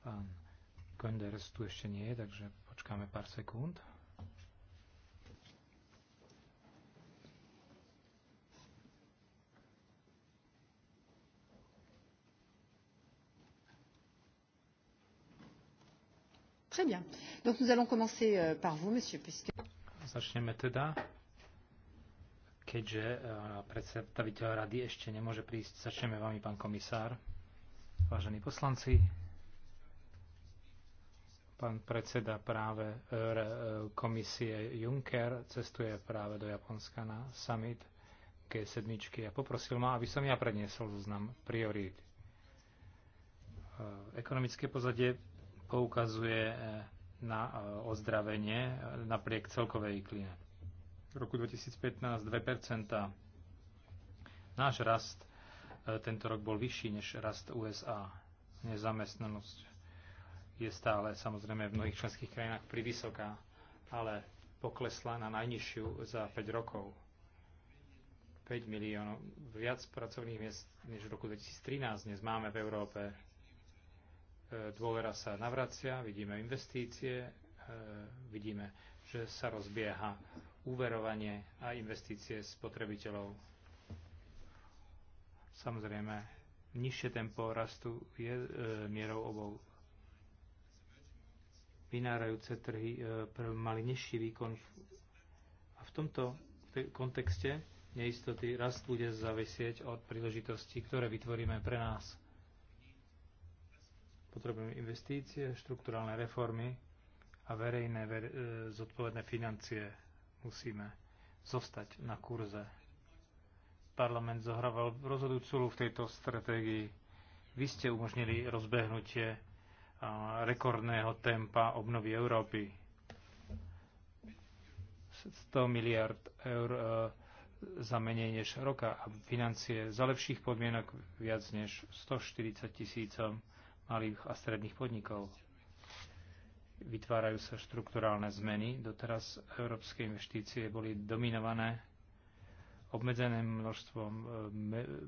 Pán Gönders tu ešte nie je, takže počkáme pár sekúnd. Très bien. Donc nous allons commencer euh, par vous, monsieur, puisque... Začneme teda, keďže eh, predstaviteľ rady ešte nemôže prísť. Začneme vami, pán komisár. Vážení poslanci, Pán predseda práve e, e, komisie Juncker cestuje práve do Japonska na summit G7 a poprosil ma, aby som ja predniesol zoznam priorít. E, ekonomické pozadie poukazuje na ozdravenie napriek celkovej klíne. V roku 2015 2 Náš rast tento rok bol vyšší než rast USA. Nezamestnanosť je stále samozrejme v mnohých členských krajinách privysoká, ale poklesla na najnižšiu za 5 rokov. 5 miliónov viac pracovných miest než v roku 2013 dnes máme v Európe. E, dôvera sa navracia, vidíme investície, e, vidíme, že sa rozbieha úverovanie a investície spotrebiteľov. Samozrejme, nižšie tempo rastu je e, mierou obou vynárajúce trhy e, mali nižší výkon. A v tomto kontexte neistoty rast bude zavisieť od príležitostí, ktoré vytvoríme pre nás. Potrebujeme investície, štruktúralne reformy a verejné e, zodpovedné financie. Musíme zostať na kurze. Parlament zohrával rozhodujúcu v tejto stratégii. Vy ste umožnili rozbehnutie rekordného tempa obnovy Európy. 100 miliard eur e, za menej než roka a financie za lepších podmienok viac než 140 tisícom malých a stredných podnikov. Vytvárajú sa štrukturálne zmeny. Doteraz európske investície boli dominované obmedzeným množstvom e,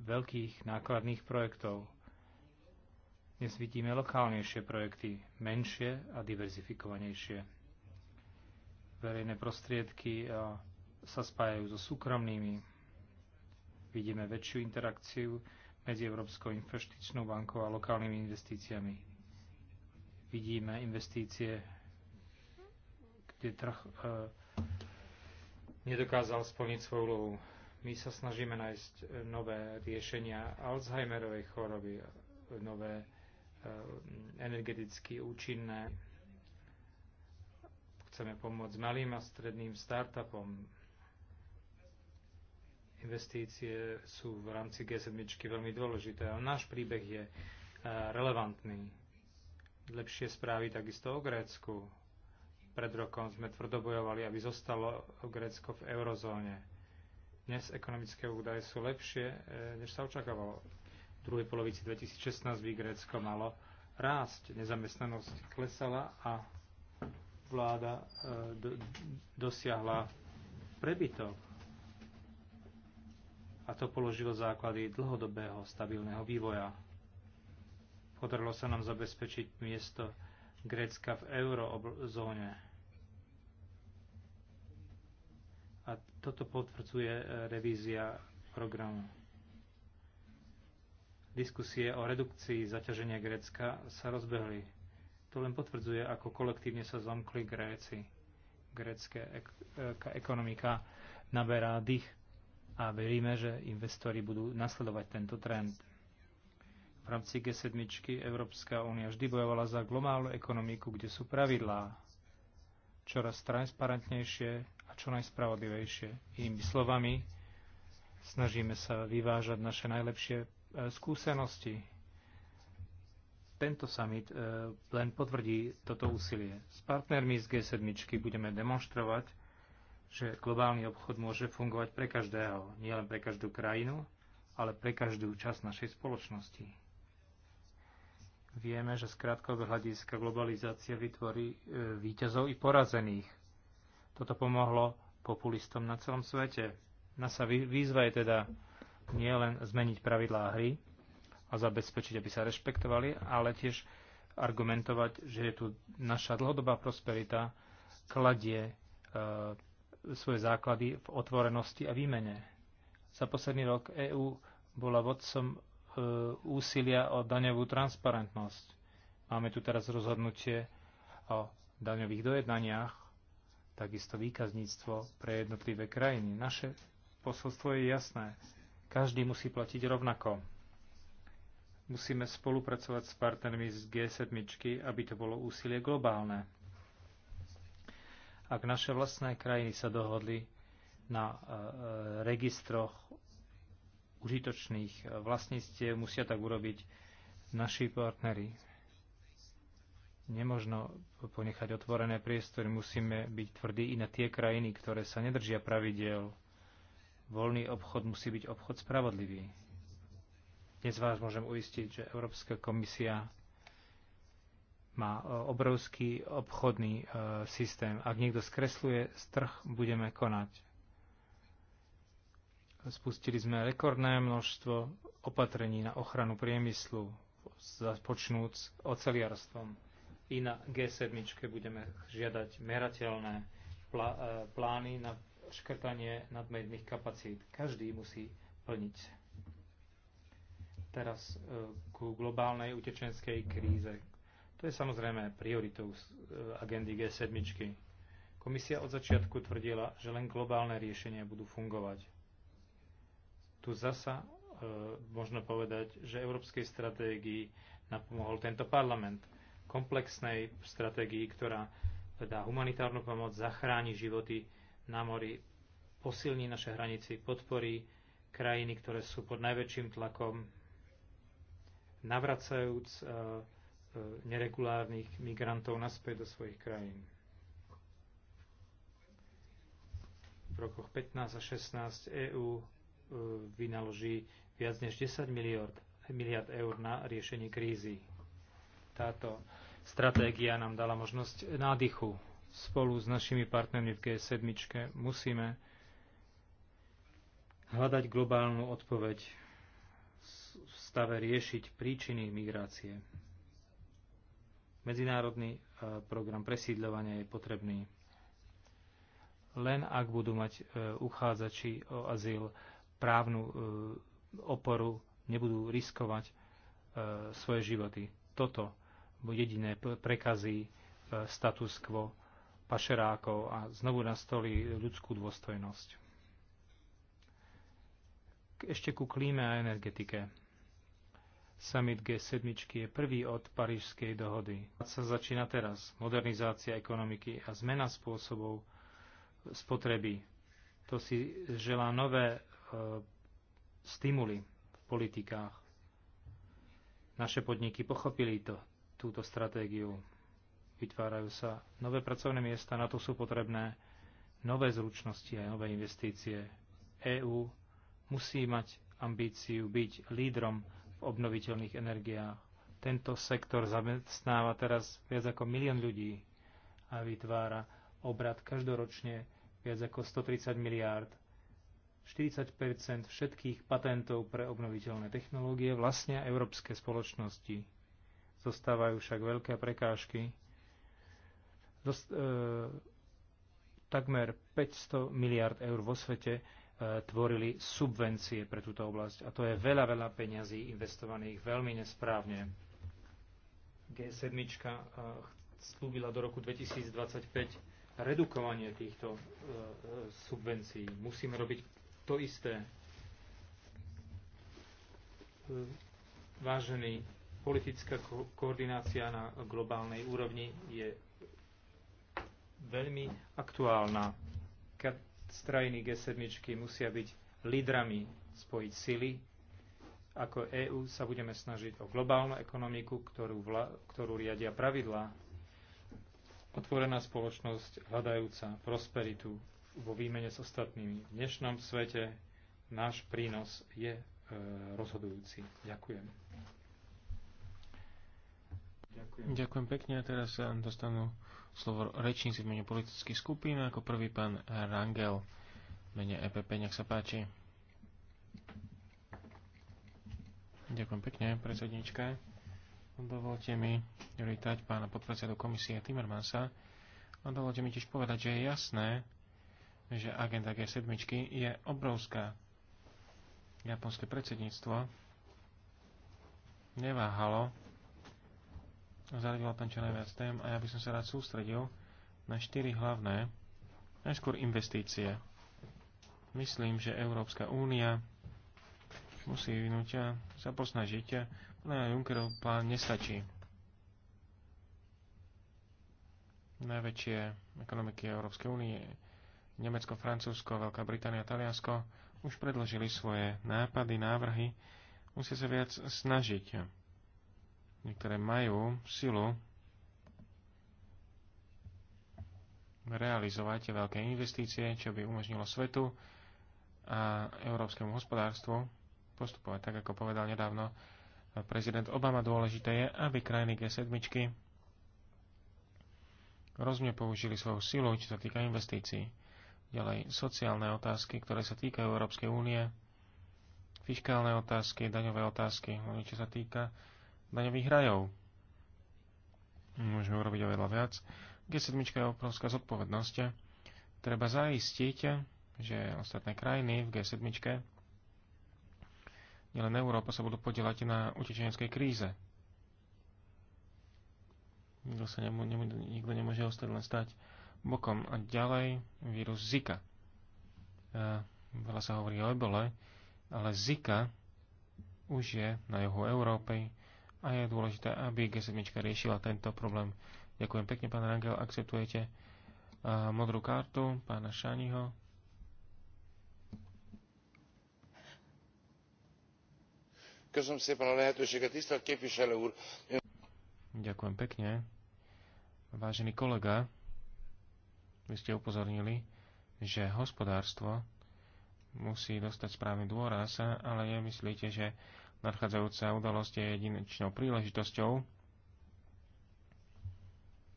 veľkých nákladných projektov dnes vidíme lokálnejšie projekty, menšie a diverzifikovanejšie. Verejné prostriedky sa spájajú so súkromnými. Vidíme väčšiu interakciu medzi Európskou investičnou bankou a lokálnymi investíciami. Vidíme investície, kde trh e, nedokázal splniť svoju úlohu. My sa snažíme nájsť e, nové riešenia Alzheimerovej choroby, e, nové Eh, energeticky účinné. Chceme pomôcť malým a stredným startupom. Investície sú v rámci G7 veľmi dôležité a náš príbeh je eh, relevantný. Lepšie správy takisto o Grécku. Pred rokom sme tvrdobojovali, aby zostalo Grécko v eurozóne. Dnes ekonomické údaje sú lepšie, eh, než sa očakávalo druhej polovici 2016 by Grécko malo rásť. Nezamestnanosť klesala a vláda e, dosiahla prebytok. A to položilo základy dlhodobého stabilného vývoja. Podarilo sa nám zabezpečiť miesto Grécka v eurozóne. A toto potvrdzuje e, revízia programu. Diskusie o redukcii zaťaženia Grécka sa rozbehli. To len potvrdzuje, ako kolektívne sa zomkli Gréci. Grécka ek- e- ekonomika naberá dých a veríme, že investori budú nasledovať tento trend. V rámci G7 Európska únia vždy bojovala za globálnu ekonomiku, kde sú pravidlá čoraz transparentnejšie a čo najspravodlivejšie. Inými slovami, snažíme sa vyvážať naše najlepšie E, skúsenosti. Tento summit e, len potvrdí toto úsilie. S partnermi z G7 budeme demonstrovať, že globálny obchod môže fungovať pre každého, nielen pre každú krajinu, ale pre každú časť našej spoločnosti. Vieme, že z krátkodobého hľadiska globalizácia vytvorí e, víťazov i porazených. Toto pomohlo populistom na celom svete. Nasa výzva je teda nie len zmeniť pravidlá hry a zabezpečiť, aby sa rešpektovali, ale tiež argumentovať, že je tu naša dlhodobá prosperita kladie e, svoje základy v otvorenosti a výmene. Za posledný rok EÚ bola vodcom e, úsilia o daňovú transparentnosť. Máme tu teraz rozhodnutie o daňových dojednaniach, takisto výkazníctvo pre jednotlivé krajiny. Naše posolstvo je jasné. Každý musí platiť rovnako. Musíme spolupracovať s partnermi z G7, aby to bolo úsilie globálne. Ak naše vlastné krajiny sa dohodli na e, e, registroch užitočných e, vlastníctiev, musia tak urobiť naši partnery. Nemožno ponechať otvorené priestory, musíme byť tvrdí i na tie krajiny, ktoré sa nedržia pravidel Voľný obchod musí byť obchod spravodlivý. Dnes vás môžem uistiť, že Európska komisia má e, obrovský obchodný e, systém. Ak niekto skresluje strh, budeme konať. Spustili sme rekordné množstvo opatrení na ochranu priemyslu, započnúc oceliarstvom. I na G7 budeme žiadať merateľné e, plány na škrtanie nadmerných kapacít. Každý musí plniť. Teraz e, ku globálnej utečenskej kríze. To je samozrejme prioritou e, agendy G7. Komisia od začiatku tvrdila, že len globálne riešenia budú fungovať. Tu zasa e, možno povedať, že európskej stratégii napomohol tento parlament. Komplexnej stratégii, ktorá dá teda humanitárnu pomoc, zachráni životy na mori, posilní naše hranici, podporí krajiny, ktoré sú pod najväčším tlakom, navracajúc e, e, neregulárnych migrantov naspäť do svojich krajín. V rokoch 15 a 16 EÚ e, vynaloží viac než 10 miliard, miliard eur na riešenie krízy. Táto stratégia nám dala možnosť nádychu spolu s našimi partnermi v G7 musíme hľadať globálnu odpoveď v stave riešiť príčiny migrácie. Medzinárodný e, program presídľovania je potrebný. Len ak budú mať e, uchádzači o azyl právnu e, oporu, nebudú riskovať svoje životy. Toto jediné prekazí status quo pašerákov a znovu nastoli ľudskú dôstojnosť. Ešte ku klíme a energetike. Summit G7 je prvý od Parížskej dohody. Sa začína teraz modernizácia ekonomiky a zmena spôsobov spotreby. To si želá nové e, stimuly v politikách. Naše podniky pochopili to, túto stratégiu vytvárajú sa nové pracovné miesta, na to sú potrebné nové zručnosti a nové investície. EÚ musí mať ambíciu byť lídrom v obnoviteľných energiách. Tento sektor zamestnáva teraz viac ako milión ľudí a vytvára obrad každoročne viac ako 130 miliárd. 40 všetkých patentov pre obnoviteľné technológie vlastnia európske spoločnosti. Zostávajú však veľké prekážky Dost, e, takmer 500 miliard eur vo svete e, tvorili subvencie pre túto oblasť. A to je veľa, veľa peňazí investovaných veľmi nesprávne. G7 e, slúbila do roku 2025 redukovanie týchto e, e, subvencií. Musíme robiť to isté. E, vážený, politická ko koordinácia na globálnej úrovni je veľmi aktuálna. Keď strajiny G7 musia byť lídrami spojiť sily. Ako EÚ sa budeme snažiť o globálnu ekonomiku, ktorú, vla, ktorú riadia pravidlá. Otvorená spoločnosť hľadajúca prosperitu vo výmene s ostatnými. V dnešnom svete náš prínos je e, rozhodujúci. Ďakujem. Ďakujem. Ďakujem pekne. A teraz dostanú slovo rečníci v mene politických skupín, ako prvý pán Rangel v mene EPP. Nech sa páči. Ďakujem pekne, predsednička. Dovolte mi privítať pána podpredsedu komisie Timmermansa. A dovolte mi tiež povedať, že je jasné, že agenda G7 je obrovská. Japonské predsedníctvo neváhalo zaradila tam čo najviac tém a ja by som sa rád sústredil na štyri hlavné, najskôr investície. Myslím, že Európska únia musí vyvinúť a sa posnažiť a na Junckerov plán nestačí. Najväčšie ekonomiky Európskej únie Nemecko, Francúzsko, Veľká Británia, Taliansko už predložili svoje nápady, návrhy, musia sa viac snažiť Niektoré majú silu realizovať veľké investície, čo by umožnilo svetu a európskemu hospodárstvu postupovať tak, ako povedal nedávno prezident Obama. Dôležité je, aby krajiny G7 rozumne použili svoju silu, čo sa týka investícií. Ďalej sociálne otázky, ktoré sa týkajú Európskej únie, fiskálne otázky, daňové otázky, čo sa týka daňových rajov. Môžeme urobiť oveľa viac. G7 je obrovská zodpovednosť. Treba zaistiť, že ostatné krajiny v G7 nielen Európa sa budú podielať na utečeneckej kríze. Nikto sa nemu, nemu, nikto nemôže ostať len stať bokom. A ďalej vírus Zika. A veľa sa hovorí o ebole, ale Zika už je na juhu Európy, a je dôležité, aby G7 riešila tento problém. Ďakujem pekne, pán Rangel. Akceptujete modrú kartu pána Šaniho? Ďakujem pekne. Vážený kolega, vy ste upozornili, že hospodárstvo musí dostať správny dôraz, ale nemyslíte, že Nadchádzajúca udalosť je jedinečnou príležitosťou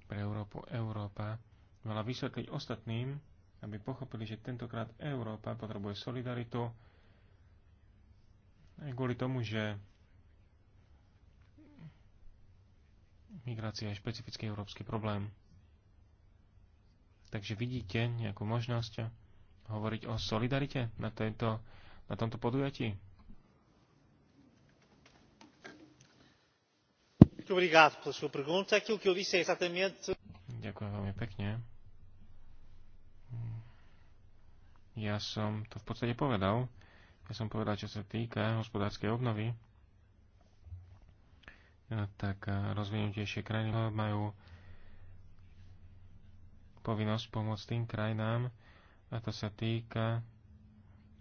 pre Európu. Európa mala vysvetliť ostatným, aby pochopili, že tentokrát Európa potrebuje solidaritu aj kvôli tomu, že migrácia je špecifický európsky problém. Takže vidíte nejakú možnosť hovoriť o solidarite na, tento, na tomto podujatí? Ďakujem veľmi pekne. Ja som to v podstate povedal. Ja som povedal, čo sa týka hospodárskej obnovy. No, tak eh, rozvinutejšie krajiny majú povinnosť pomôcť tým krajinám, a to sa týka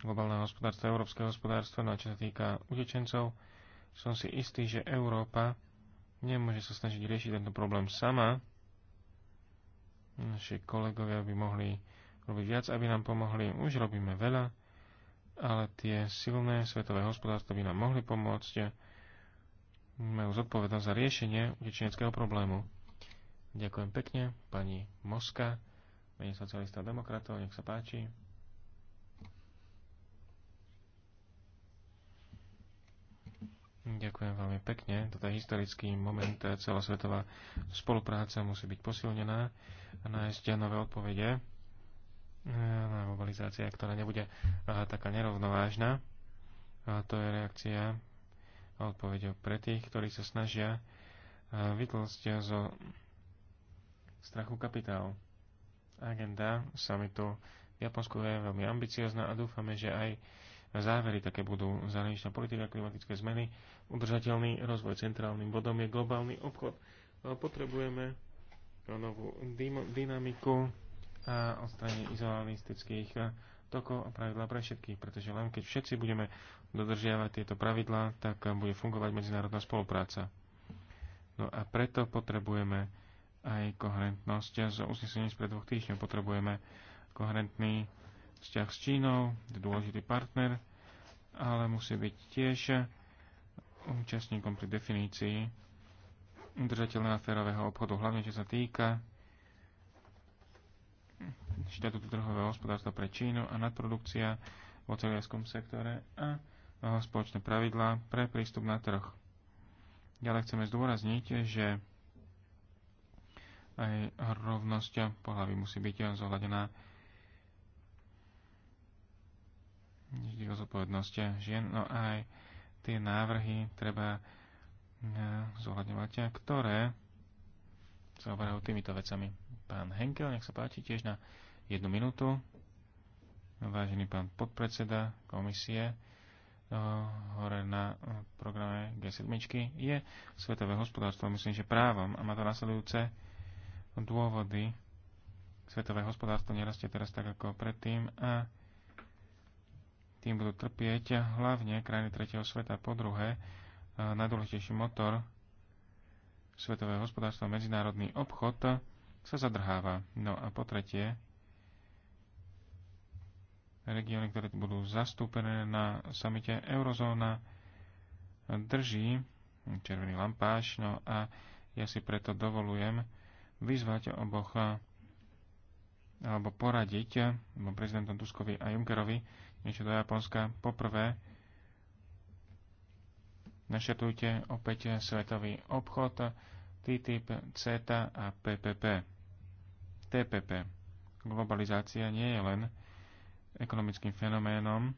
globálneho hospodárstva, európskeho hospodárstva, no a čo sa týka utečencov, som si istý, že Európa nemôže sa snažiť riešiť tento problém sama. Naši kolegovia by mohli robiť viac, aby nám pomohli. Už robíme veľa, ale tie silné svetové hospodárstva by nám mohli pomôcť. Majú zodpovednosť za riešenie utečeneckého problému. Ďakujem pekne, pani Moska, pani socialista a demokratov, nech sa páči. Ďakujem veľmi pekne. Toto je historický moment. Eh, celosvetová spolupráca musí byť posilnená a nájsť nové odpovede eh, na globalizácia, ktorá nebude eh, taká nerovnovážna. A to je reakcia a odpovede pre tých, ktorí sa snažia vytlosť zo strachu kapitál. Agenda samitu v Japonsku je veľmi ambiciozná a dúfame, že aj závery také budú zahraničná politika, klimatické zmeny, udržateľný rozvoj. Centrálnym bodom je globálny obchod. Potrebujeme novú dynamiku a odstranie izolalistických tokov a pravidlá pre všetkých, pretože len keď všetci budeme dodržiavať tieto pravidlá, tak bude fungovať medzinárodná spolupráca. No a preto potrebujeme aj koherentnosť. Z uznesenia spred dvoch týždňov potrebujeme koherentný vzťah s Čínou, je dôležitý partner, ale musí byť tiež účastníkom pri definícii udržateľného férového obchodu, hlavne čo sa týka štatútu trhového hospodárstva pre Čínu a nadprodukcia v oceliarskom sektore a spoločné pravidlá pre prístup na trh. Ďalej chceme zdôrazniť, že aj rovnosť pohľavy musí byť zohľadená vždy o zodpovednosti žien, no aj tie návrhy treba eh, zohľadňovať, ktoré sa oberajú týmito vecami. Pán Henkel, nech sa páči tiež na jednu minútu. Vážený pán podpredseda komisie, eh, hore na eh, programe G7 je svetové hospodárstvo, myslím, že právom a má to nasledujúce dôvody. Svetové hospodárstvo nerastie teraz tak ako predtým a tým budú trpieť hlavne krajiny tretieho sveta. Po druhé, e, najdôležitejší motor svetového hospodárstva, medzinárodný obchod, sa zadrháva. No a po tretie, regióny, ktoré budú zastúpené na samite eurozóna, drží červený lampáš, no a ja si preto dovolujem vyzvať oboch alebo poradiť prezidentom Tuskovi a Junckerovi, niečo do Japonska. Poprvé, našetujte opäť svetový obchod TTIP, CETA a PPP. TPP. Globalizácia nie je len ekonomickým fenoménom,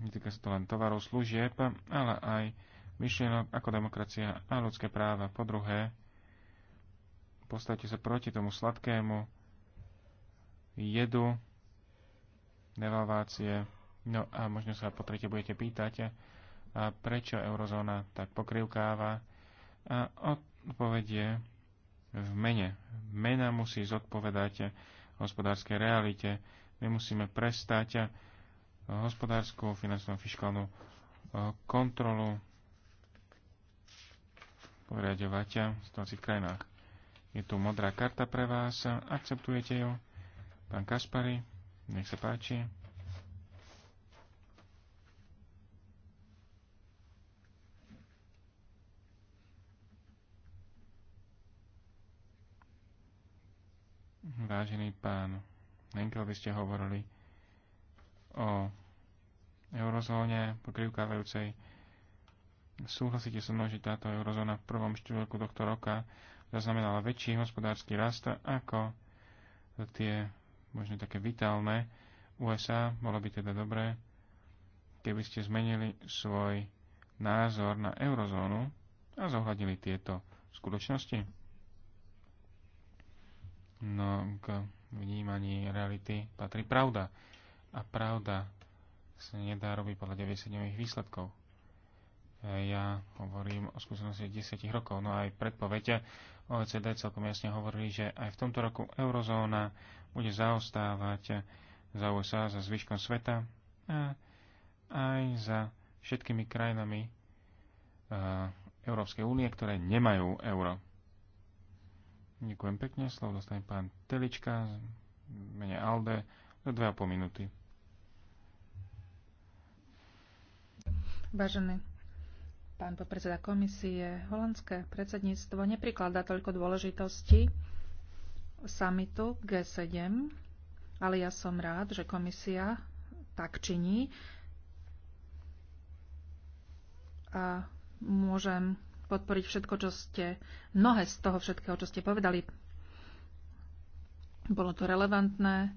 netýka sa to len tovarov, služieb, ale aj myšlienok ako demokracia a ľudské práva. Po druhé, postavte sa proti tomu sladkému, jedu, devalvácie. No a možno sa po tretie budete pýtať, a prečo eurozóna tak pokrivkáva a odpovedie v mene. Mena musí zodpovedať hospodárskej realite. My musíme prestať hospodárskú, finančnú, fiskálnu e, kontrolu poriadovať v situácii v krajinách. Je tu modrá karta pre vás, akceptujete ju? Pán Kaspari, nech sa páči. Vážený pán Henkel, vy ste hovorili o eurozóne pokrývkávajúcej. Súhlasíte so mnou, že táto eurozóna v prvom štvrtku tohto roka zaznamenala väčší hospodársky rast ako tie možno také vitálne USA, bolo by teda dobré, keby ste zmenili svoj názor na eurozónu a zohľadili tieto skutočnosti. No k vnímaní reality patrí pravda. A pravda sa nedá robiť podľa 97 výsledkov. Ja hovorím o skúsenosti 10 rokov, no aj predpovede OECD celkom jasne hovorili, že aj v tomto roku eurozóna bude zaostávať za USA, za zvyškom sveta a aj za všetkými krajinami e, Európskej únie, ktoré nemajú euro. Ďakujem pekne, slovo dostane pán Telička, mene Alde, do 2,5 minúty. Vážený pán podpredseda komisie, holandské predsedníctvo neprikladá toľko dôležitosti samitu G7, ale ja som rád, že komisia tak činí. A môžem podporiť všetko, čo ste, mnohé z toho všetkého, čo ste povedali. Bolo to relevantné.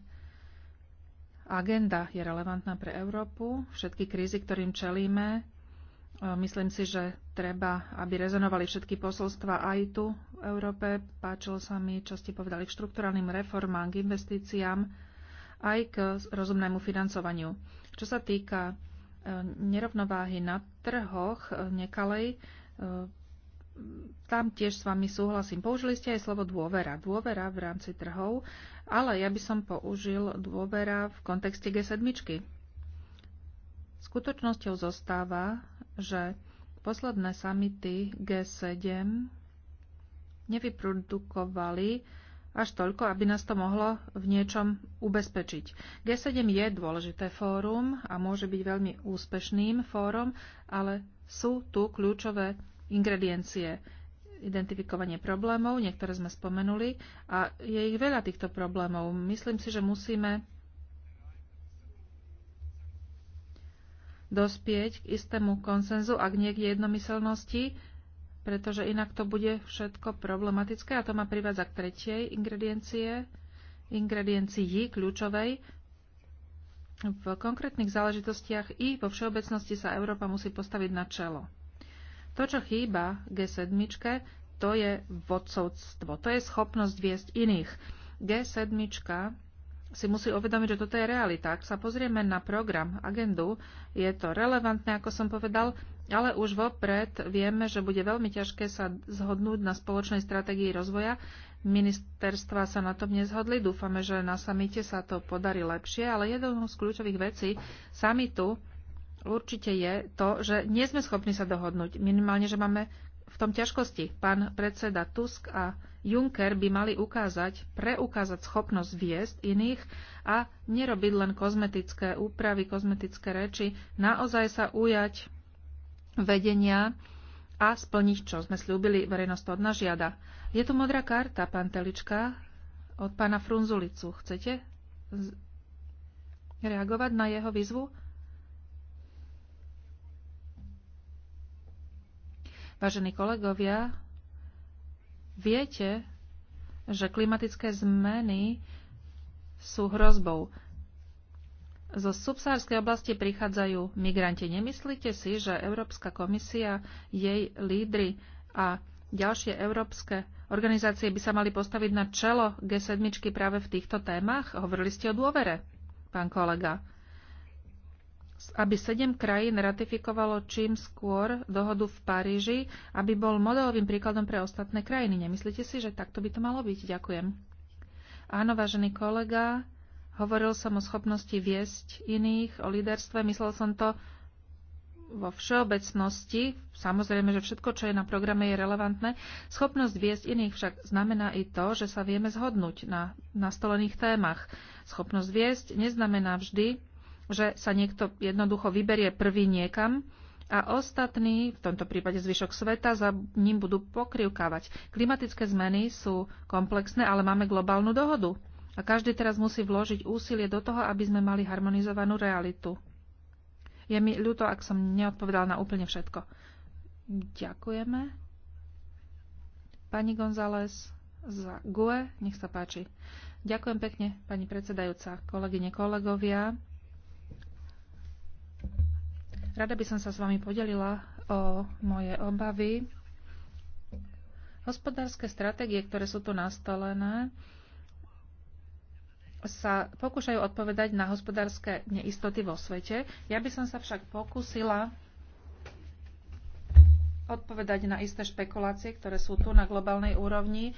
Agenda je relevantná pre Európu. Všetky krízy, ktorým čelíme, Myslím si, že treba, aby rezonovali všetky posolstva aj tu v Európe. Páčilo sa mi, čo ste povedali, k štrukturálnym reformám, k investíciám, aj k rozumnému financovaniu. Čo sa týka e, nerovnováhy na trhoch e, nekalej, e, tam tiež s vami súhlasím. Použili ste aj slovo dôvera. Dôvera v rámci trhov, ale ja by som použil dôvera v kontexte G7. Skutočnosťou zostáva, že posledné samity G7 nevyprodukovali až toľko, aby nás to mohlo v niečom ubezpečiť. G7 je dôležité fórum a môže byť veľmi úspešným fórum, ale sú tu kľúčové ingrediencie. Identifikovanie problémov, niektoré sme spomenuli, a je ich veľa týchto problémov. Myslím si, že musíme dospieť k istému konsenzu, ak nie k jednomyselnosti, pretože inak to bude všetko problematické a to ma privádza k tretej ingrediencie, ingrediencii kľúčovej. V konkrétnych záležitostiach i vo všeobecnosti sa Európa musí postaviť na čelo. To, čo chýba G7, to je vodcovstvo, to je schopnosť viesť iných. G7 si musí uvedomiť, že toto je realita. Ak sa pozrieme na program, agendu, je to relevantné, ako som povedal, ale už vopred vieme, že bude veľmi ťažké sa zhodnúť na spoločnej stratégii rozvoja. Ministerstva sa na tom nezhodli. Dúfame, že na samite sa to podarí lepšie, ale jednou z kľúčových vecí samitu určite je to, že nie sme schopní sa dohodnúť. Minimálne, že máme v tom ťažkosti. Pán predseda Tusk a Juncker by mali ukázať, preukázať schopnosť viesť iných a nerobiť len kozmetické úpravy, kozmetické reči, naozaj sa ujať vedenia a splniť, čo sme slúbili, verejnosť od nás žiada. Je tu modrá karta, pán Telička, od pána Frunzulicu. Chcete reagovať na jeho výzvu? Vážení kolegovia, viete, že klimatické zmeny sú hrozbou. Zo subsárskej oblasti prichádzajú migranti. Nemyslíte si, že Európska komisia, jej lídry a ďalšie európske organizácie by sa mali postaviť na čelo G7 práve v týchto témach? Hovorili ste o dôvere, pán kolega aby sedem krajín ratifikovalo čím skôr dohodu v Paríži, aby bol modelovým príkladom pre ostatné krajiny. Nemyslíte si, že takto by to malo byť? Ďakujem. Áno, vážený kolega, hovoril som o schopnosti viesť iných, o líderstve. Myslel som to vo všeobecnosti, samozrejme, že všetko, čo je na programe, je relevantné. Schopnosť viesť iných však znamená i to, že sa vieme zhodnúť na nastolených témach. Schopnosť viesť neznamená vždy že sa niekto jednoducho vyberie prvý niekam a ostatní, v tomto prípade zvyšok sveta, za ním budú pokrivkávať. Klimatické zmeny sú komplexné, ale máme globálnu dohodu. A každý teraz musí vložiť úsilie do toho, aby sme mali harmonizovanú realitu. Je mi ľúto, ak som neodpovedal na úplne všetko. Ďakujeme. Pani González za GUE, nech sa páči. Ďakujem pekne, pani predsedajúca, kolegyne, kolegovia. Rada by som sa s vami podelila o moje obavy. Hospodárske stratégie, ktoré sú tu nastolené, sa pokúšajú odpovedať na hospodárske neistoty vo svete. Ja by som sa však pokúsila odpovedať na isté špekulácie, ktoré sú tu na globálnej úrovni.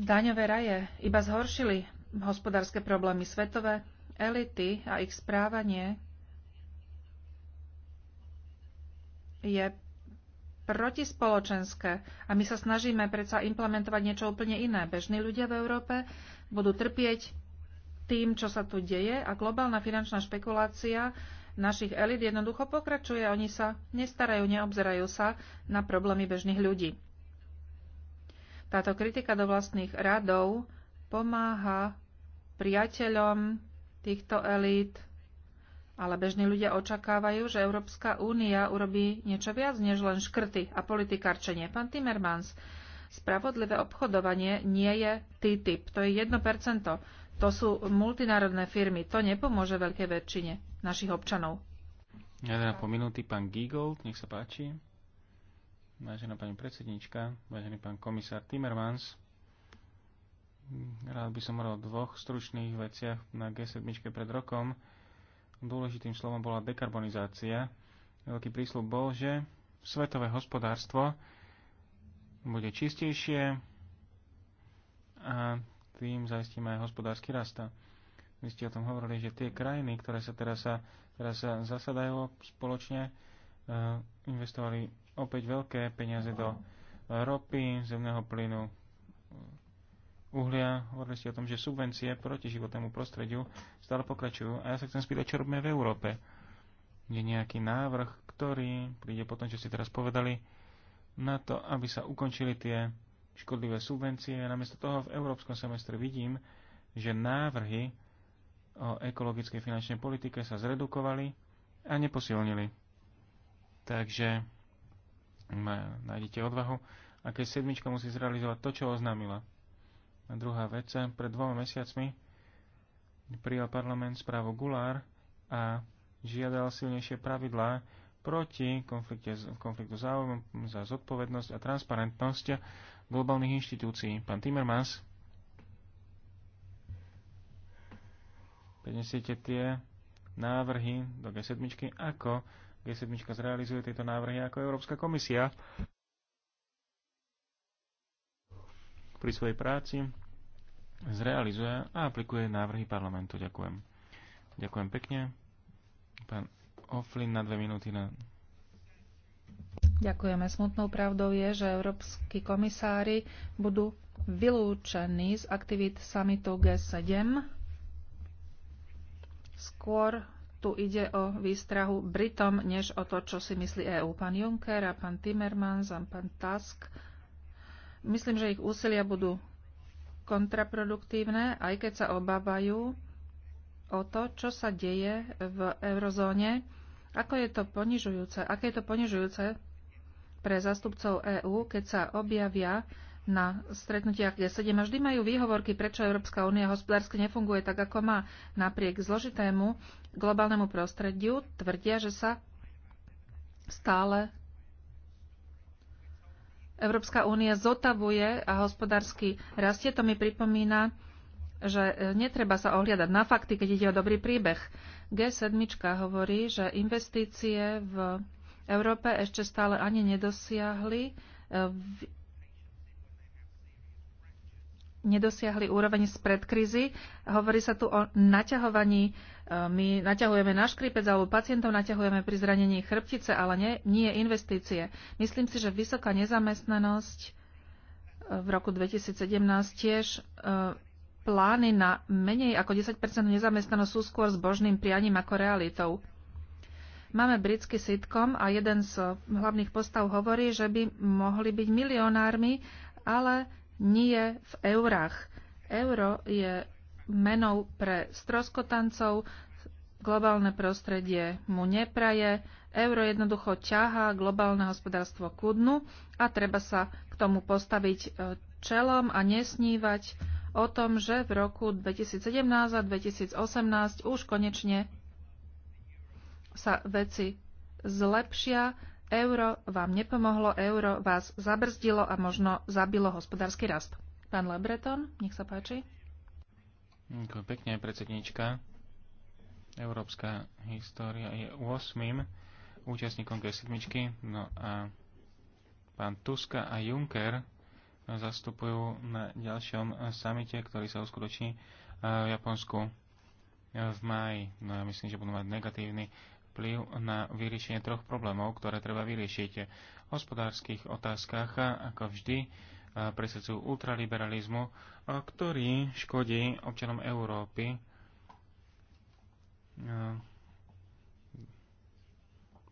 Daňové raje iba zhoršili hospodárske problémy svetové, elity a ich správanie je protispoločenské a my sa snažíme predsa implementovať niečo úplne iné. Bežní ľudia v Európe budú trpieť tým, čo sa tu deje a globálna finančná špekulácia našich elit jednoducho pokračuje. Oni sa nestarajú, neobzerajú sa na problémy bežných ľudí. Táto kritika do vlastných radov pomáha priateľom týchto elít ale bežní ľudia očakávajú, že Európska únia urobí niečo viac než len škrty a politikárčenie. Pán Timmermans, spravodlivé obchodovanie nie je TTIP, to je 1%. To sú multinárodné firmy, to nepomôže veľkej väčšine našich občanov. 1,5 minúty, pán Giegold, nech sa páči. Vážená pani predsednička, vážený pán komisár Timmermans, rád by som hovoril o dvoch stručných veciach na G7 pred rokom dôležitým slovom bola dekarbonizácia. Veľký prísľub bol, že svetové hospodárstvo bude čistejšie a tým zaistíme aj hospodársky rast. Vy ste o tom hovorili, že tie krajiny, ktoré sa teraz, sa, teraz sa zasadajú spoločne, e, investovali opäť veľké peniaze do ropy, zemného plynu, uhlia, hovorili ste o tom, že subvencie proti životnému prostrediu stále pokračujú. A ja sa chcem spýtať, čo robíme v Európe. Je nejaký návrh, ktorý príde po tom, čo ste teraz povedali, na to, aby sa ukončili tie škodlivé subvencie. Namiesto toho v európskom semestre vidím, že návrhy o ekologickej finančnej politike sa zredukovali a neposilnili. Takže nájdete odvahu a keď sedmička musí zrealizovať to, čo oznámila a druhá vec, pred dvoma mesiacmi prijal parlament správu Gulár a žiadal silnejšie pravidlá proti konflikte, konfliktu záujmu za zodpovednosť a transparentnosť globálnych inštitúcií. Pán Timmermans, prinesiete tie návrhy do G7, ako G7 zrealizuje tieto návrhy ako Európska komisia. pri svojej práci zrealizuje a aplikuje návrhy parlamentu. Ďakujem. Ďakujem pekne. Pán Oflin na dve minúty na Ďakujeme. Smutnou pravdou je, že európsky komisári budú vylúčení z aktivít samitu G7. Skôr tu ide o výstrahu Britom, než o to, čo si myslí EU. Pán Juncker a pán Timmermans a pán Tusk Myslím, že ich úsilia budú kontraproduktívne, aj keď sa obávajú o to, čo sa deje v eurozóne, ako je to ponižujúce, aké je to ponižujúce pre zástupcov EÚ, keď sa objavia na stretnutiach G7 a vždy majú výhovorky, prečo Európska únia hospodársky nefunguje tak, ako má. Napriek zložitému globálnemu prostrediu tvrdia, že sa stále Európska únia zotavuje a hospodársky rastie. To mi pripomína, že e, netreba sa ohliadať na fakty, keď ide o dobrý príbeh. G7 hovorí, že investície v Európe ešte stále ani nedosiahli e, nedosiahli úroveň spred krízy. Hovorí sa tu o naťahovaní my naťahujeme na škripec alebo pacientov naťahujeme pri zranení chrbtice, ale nie, nie investície. Myslím si, že vysoká nezamestnanosť e, v roku 2017 tiež e, plány na menej ako 10 nezamestnanosť sú skôr s božným prianím ako realitou. Máme britský sitcom a jeden z hlavných postav hovorí, že by mohli byť milionármi, ale nie v eurách. Euro je menou pre stroskotancov, globálne prostredie mu nepraje, euro jednoducho ťahá globálne hospodárstvo ku dnu a treba sa k tomu postaviť e, čelom a nesnívať o tom, že v roku 2017 a 2018 už konečne sa veci zlepšia. Euro vám nepomohlo, euro vás zabrzdilo a možno zabilo hospodársky rast. Pán Lebreton, nech sa páči. Ďakujem pekne, predsednička. Európska história je 8. účastníkom G7. No a pán Tuska a Juncker zastupujú na ďalšom samite, ktorý sa uskutoční v Japonsku v máji. No ja myslím, že budú mať negatívny vplyv na vyriešenie troch problémov, ktoré treba vyriešiť. V hospodárskych otázkach, ako vždy, presadzujú ultraliberalizmu, ktorý škodí občanom Európy.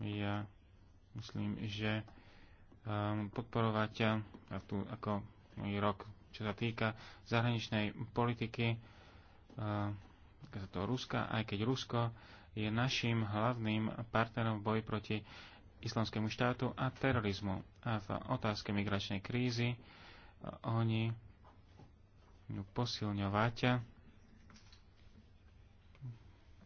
Ja myslím, že podporovať tu ako môj rok, čo sa týka zahraničnej politiky, to Ruska, aj keď Rusko je našim hlavným partnerom v boji proti islamskému štátu a terorizmu. A v otázke migračnej krízy oni posilňovať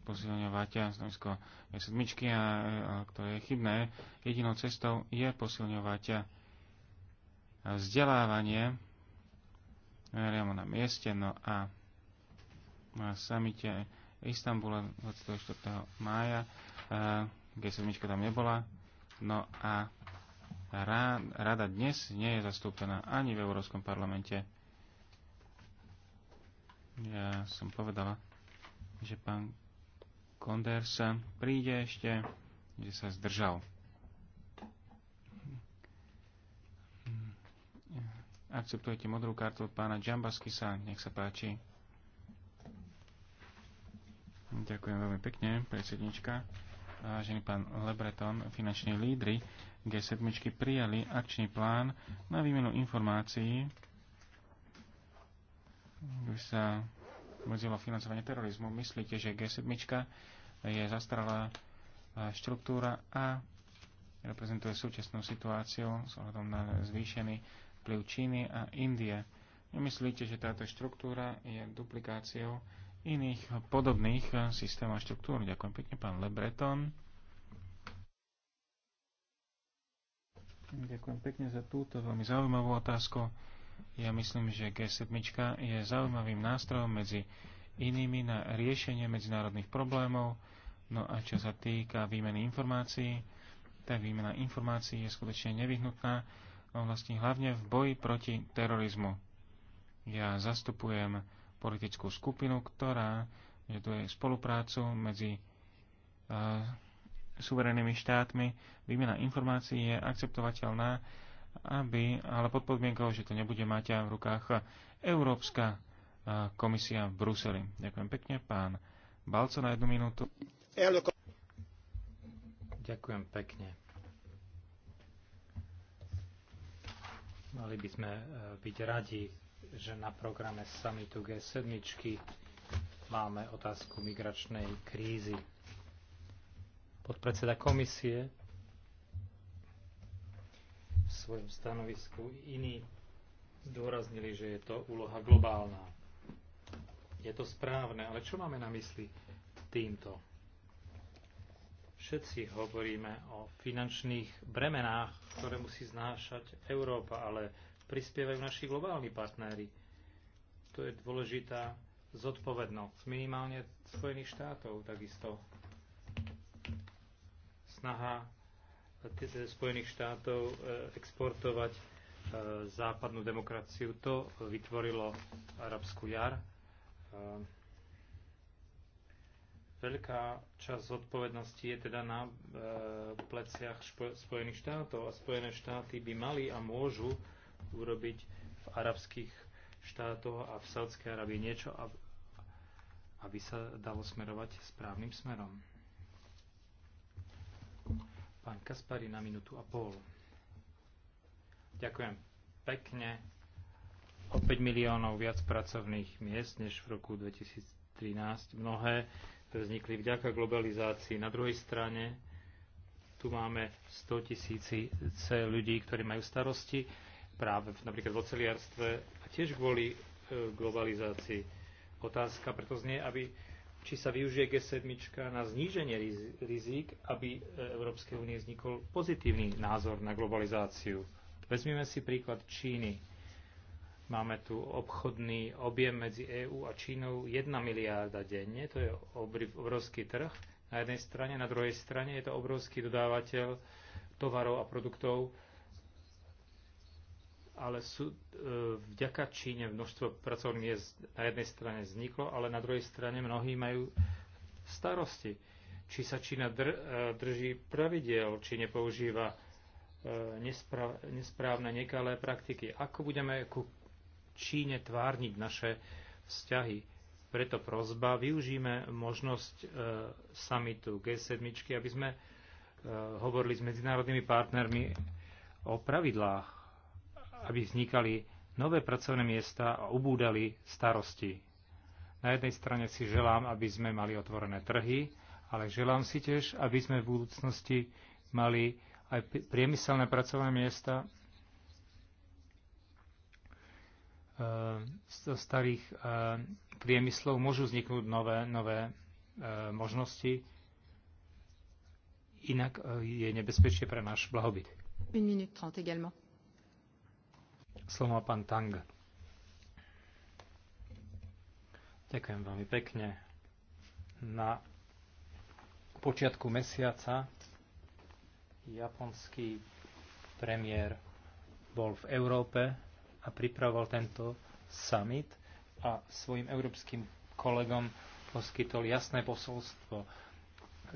posilňovať stanovisko sedmičky a, a to je chybné. Jedinou cestou je posilňovať vzdelávanie priamo na mieste. No a na samite Istambule 24. mája e, G7 tam nebola. No a rada dnes nie je zastúpená ani v Európskom parlamente. Ja som povedala, že pán Konder sa príde ešte, že sa zdržal. Akceptujete modrú kartu od pána Džambaskisa, nech sa páči. Ďakujem veľmi pekne, predsednička. Vážený pán Lebreton, finanční lídry G7 prijali akčný plán na výmenu informácií, kde sa medzilo financovanie terorizmu. Myslíte, že G7 je zastaralá e, štruktúra a reprezentuje súčasnú situáciu s ohľadom na zvýšený vplyv Číny a Indie. Nemyslíte, že táto štruktúra je duplikáciou iných podobných eh, systémov a štruktúr. Ďakujem pekne, pán Lebreton. Ďakujem pekne za túto veľmi zaujímavú otázku. Ja myslím, že G7 je zaujímavým nástrojom medzi inými na riešenie medzinárodných problémov. No a čo sa týka výmeny informácií, tak výmena informácií je skutočne nevyhnutná, vlastne hlavne v boji proti terorizmu. Ja zastupujem politickú skupinu, ktorá je spoluprácu medzi uh, eh, suverenými štátmi. Výmena informácií je akceptovateľná, aby, ale pod podmienkou, že to nebude mať v rukách Európska uh, komisia v Bruseli. Ďakujem pekne, pán Balco, na jednu minútu. Ďakujem pekne. Mali by sme eh, byť radi, že na programe summitu G7 máme otázku migračnej krízy. Podpredseda komisie v svojom stanovisku iní zdôraznili, že je to úloha globálna. Je to správne, ale čo máme na mysli týmto? Všetci hovoríme o finančných bremenách, ktoré musí znášať Európa, ale prispievajú naši globálni partnery. To je dôležitá zodpovednosť, minimálne Spojených štátov takisto. Snaha Spojených štátov e, exportovať e, západnú demokraciu, to vytvorilo arabskú jar. E, veľká časť zodpovednosti je teda na pleciach Spojených štátov a Spojené štáty by mali a môžu urobiť v arabských štátoch a v Saudskej Arabii niečo, aby sa dalo smerovať správnym smerom. Pán Kaspari na minútu a pol. Ďakujem pekne. O 5 miliónov viac pracovných miest než v roku 2013. Mnohé vznikli vďaka globalizácii. Na druhej strane tu máme 100 tisíce ľudí, ktorí majú starosti práve v, napríklad v oceliarstve a tiež kvôli e, globalizácii. Otázka preto znie, aby, či sa využije G7 na zníženie rizík, aby e, Európskej únie vznikol pozitívny názor na globalizáciu. Vezmime si príklad Číny. Máme tu obchodný objem medzi EÚ a Čínou 1 miliarda denne, to je obrovský trh na jednej strane, na druhej strane je to obrovský dodávateľ tovarov a produktov ale sú, e, vďaka Číne množstvo pracovných miest na jednej strane vzniklo, ale na druhej strane mnohí majú starosti. Či sa Čína dr, e, drží pravidel, či nepoužíva e, nespráv, nesprávne, nekalé praktiky. Ako budeme ku Číne tvárniť naše vzťahy? Preto prozba, využíme možnosť e, samitu G7, aby sme e, hovorili s medzinárodnými partnermi o pravidlách aby vznikali nové pracovné miesta a ubúdali starosti. Na jednej strane si želám, aby sme mali otvorené trhy, ale želám si tiež, aby sme v budúcnosti mali aj priemyselné pracovné miesta eh, zo starých eh, priemyslov môžu vzniknúť nové, nové eh, možnosti. Inak je nebezpečie pre náš blahobyt. Une minute trente également. Slovo má pán Tang. Ďakujem veľmi pekne. Na počiatku mesiaca japonský premiér bol v Európe a pripravoval tento summit a svojim európskym kolegom poskytol jasné posolstvo.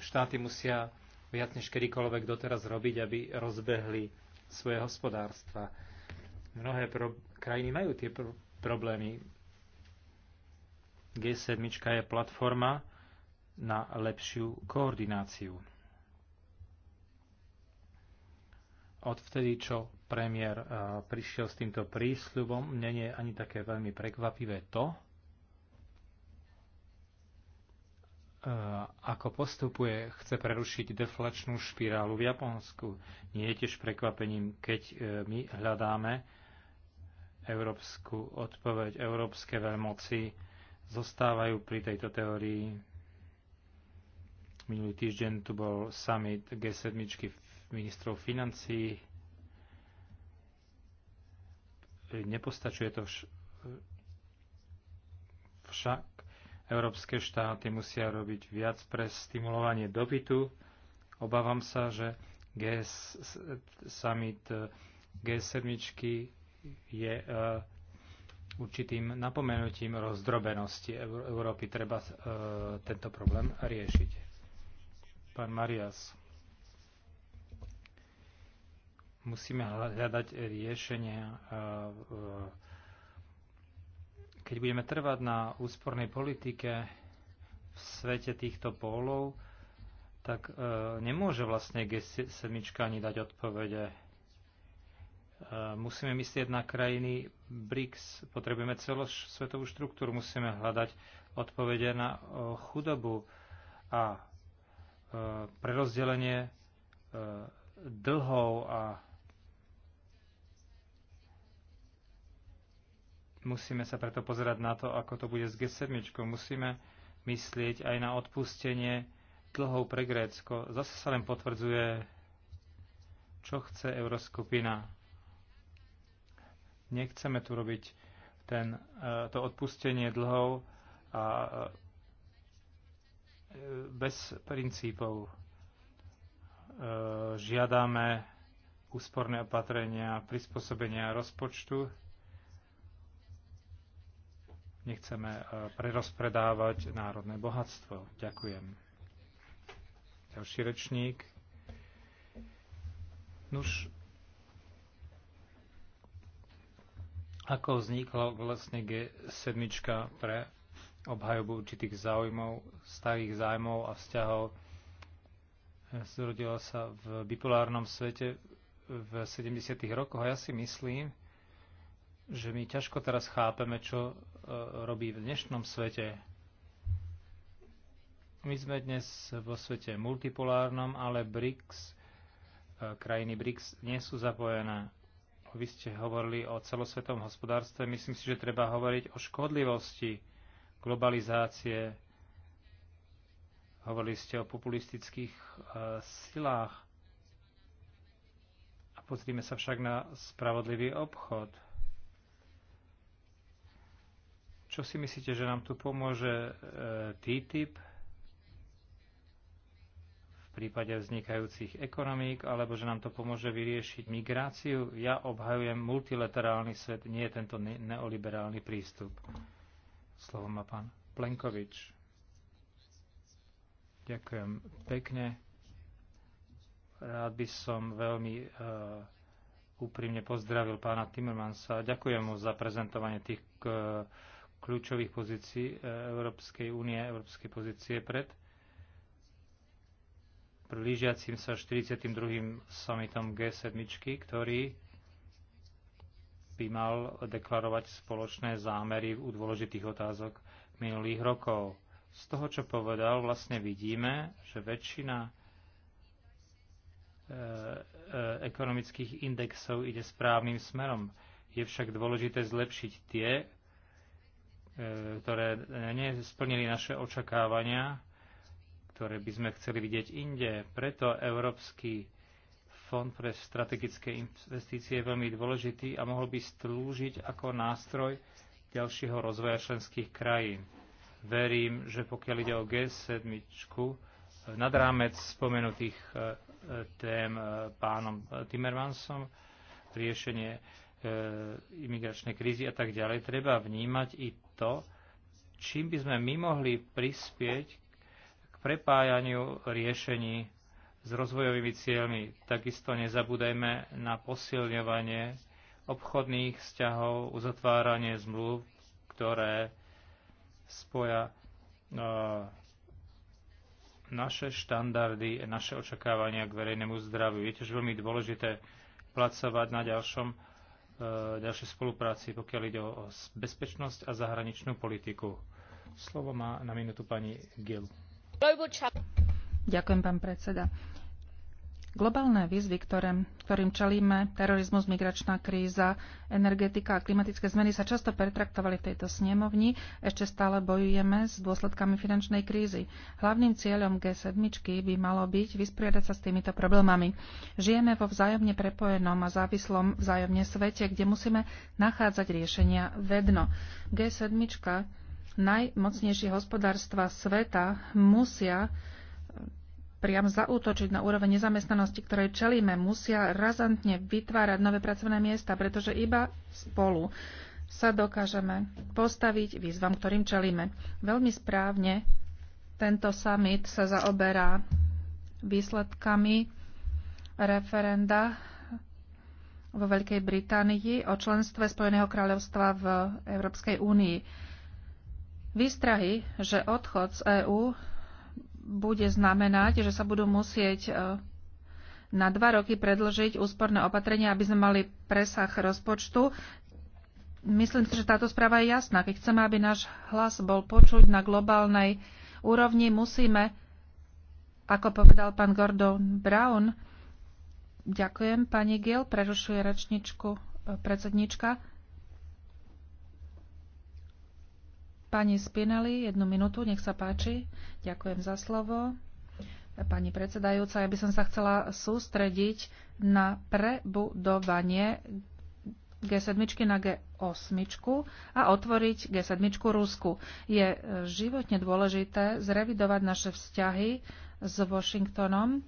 Štáty musia viac než kedykoľvek doteraz robiť, aby rozbehli svoje hospodárstva Mnohé pro, krajiny majú tie pro, problémy. G7 je platforma na lepšiu koordináciu. Odvtedy, čo premiér e, prišiel s týmto prísľubom, mne nie je ani také veľmi prekvapivé to, e, ako postupuje, chce prerušiť deflačnú špirálu v Japonsku. Nie je tiež prekvapením, keď e, my hľadáme európsku odpoveď, európske veľmoci zostávajú pri tejto teórii. Minulý týždeň tu bol summit G7 ministrov financí. Nepostačuje to vš- však. Európske štáty musia robiť viac pre stimulovanie dobytu. Obávam sa, že G- summit G7 je e, určitým napomenutím rozdrobenosti Európy. Treba e, tento problém riešiť. Pán Marias, musíme hľadať riešenia. E, keď budeme trvať na úspornej politike v svete týchto pólov, tak nemôže vlastne G7 ani dať odpovede Eh, musíme myslieť na krajiny BRICS, potrebujeme celosvetovú štruktúru, musíme hľadať odpovede na eh, chudobu a eh, prerozdelenie dlhov a musíme sa preto pozerať na to, ako to bude s G7. Musíme myslieť aj na odpustenie dlhov pre Grécko. Zase sa len potvrdzuje, čo chce Euroskupina Nechceme tu robiť ten, e, to odpustenie dlhov a e, bez princípov. E, žiadame úsporné opatrenia, prispôsobenia rozpočtu. Nechceme prerozpredávať národné bohatstvo. Ďakujem. Ďalší rečník. Nuž, ako vznikla vlastne G7 pre obhajobu určitých záujmov, starých zájmov a vzťahov. Zrodila sa v bipolárnom svete v 70. rokoch a ja si myslím, že my ťažko teraz chápeme, čo e, robí v dnešnom svete. My sme dnes vo svete multipolárnom, ale BRICS, e, krajiny BRICS nie sú zapojené vy ste hovorili o celosvetom hospodárstve. Myslím si, že treba hovoriť o škodlivosti globalizácie. Hovorili ste o populistických e, silách. A pozrime sa však na spravodlivý obchod. Čo si myslíte, že nám tu pomôže e, TTIP? prípade vznikajúcich ekonomík, alebo že nám to pomôže vyriešiť migráciu. Ja obhajujem multilaterálny svet, nie je tento neoliberálny prístup. Slovo má pán Plenkovič. Ďakujem pekne. Rád by som veľmi uh, úprimne pozdravil pána Timmermansa. Ďakujem mu za prezentovanie tých uh, kľúčových pozícií e, Európskej únie, Európskej pozície pred blížiacim sa 42. summitom G7, ktorý by mal deklarovať spoločné zámery u dôležitých otázok minulých rokov. Z toho, čo povedal, vlastne vidíme, že väčšina e, e, ekonomických indexov ide správnym smerom. Je však dôležité zlepšiť tie, e, ktoré nesplnili naše očakávania ktoré by sme chceli vidieť inde. Preto Európsky fond pre strategické investície je veľmi dôležitý a mohol by slúžiť ako nástroj ďalšieho rozvoja členských krajín. Verím, že pokiaľ ide o G7, nad rámec spomenutých e, e, tém e, pánom Timmermansom, riešenie imigračnej krízy a tak ďalej, treba vnímať i to, čím by sme my mohli prispieť prepájaniu riešení s rozvojovými cieľmi. Takisto nezabúdajme na posilňovanie obchodných vzťahov, uzatváranie zmluv, ktoré spoja e, naše štandardy, naše očakávania k verejnému zdraviu. Je tiež veľmi dôležité placovať na ďalšom, e, ďalšej spolupráci, pokiaľ ide o bezpečnosť a zahraničnú politiku. Slovo má na minútu pani Gil. Ďakujem, pán predseda. Globálne výzvy, ktorým, ktorým čelíme, terorizmus, migračná kríza, energetika a klimatické zmeny sa často pretraktovali v tejto snemovni. Ešte stále bojujeme s dôsledkami finančnej krízy. Hlavným cieľom G7 by malo byť vysporiadať sa s týmito problémami. Žijeme vo vzájomne prepojenom a závislom vzájomne svete, kde musíme nachádzať riešenia vedno. G7 najmocnejšie hospodárstva sveta musia e, priam zaútočiť na úroveň nezamestnanosti, ktorej čelíme, musia razantne vytvárať nové pracovné miesta, pretože iba spolu sa dokážeme postaviť výzvam, ktorým čelíme. Veľmi správne tento summit sa zaoberá výsledkami referenda vo Veľkej Británii o členstve Spojeného kráľovstva v Európskej únii. Výstrahy, že odchod z EÚ bude znamenať, že sa budú musieť e, na dva roky predlžiť úsporné opatrenia, aby sme mali presah rozpočtu. Myslím si, že táto správa je jasná. Keď chceme, aby náš hlas bol počuť na globálnej úrovni, musíme, ako povedal pán Gordon Brown, ďakujem pani Gill, prerušuje rečničku e, predsednička. Pani Spinelli, jednu minútu, nech sa páči. Ďakujem za slovo. Pani predsedajúca, ja by som sa chcela sústrediť na prebudovanie G7 na G8 a otvoriť G7 Rusku. Je e, životne dôležité zrevidovať naše vzťahy s Washingtonom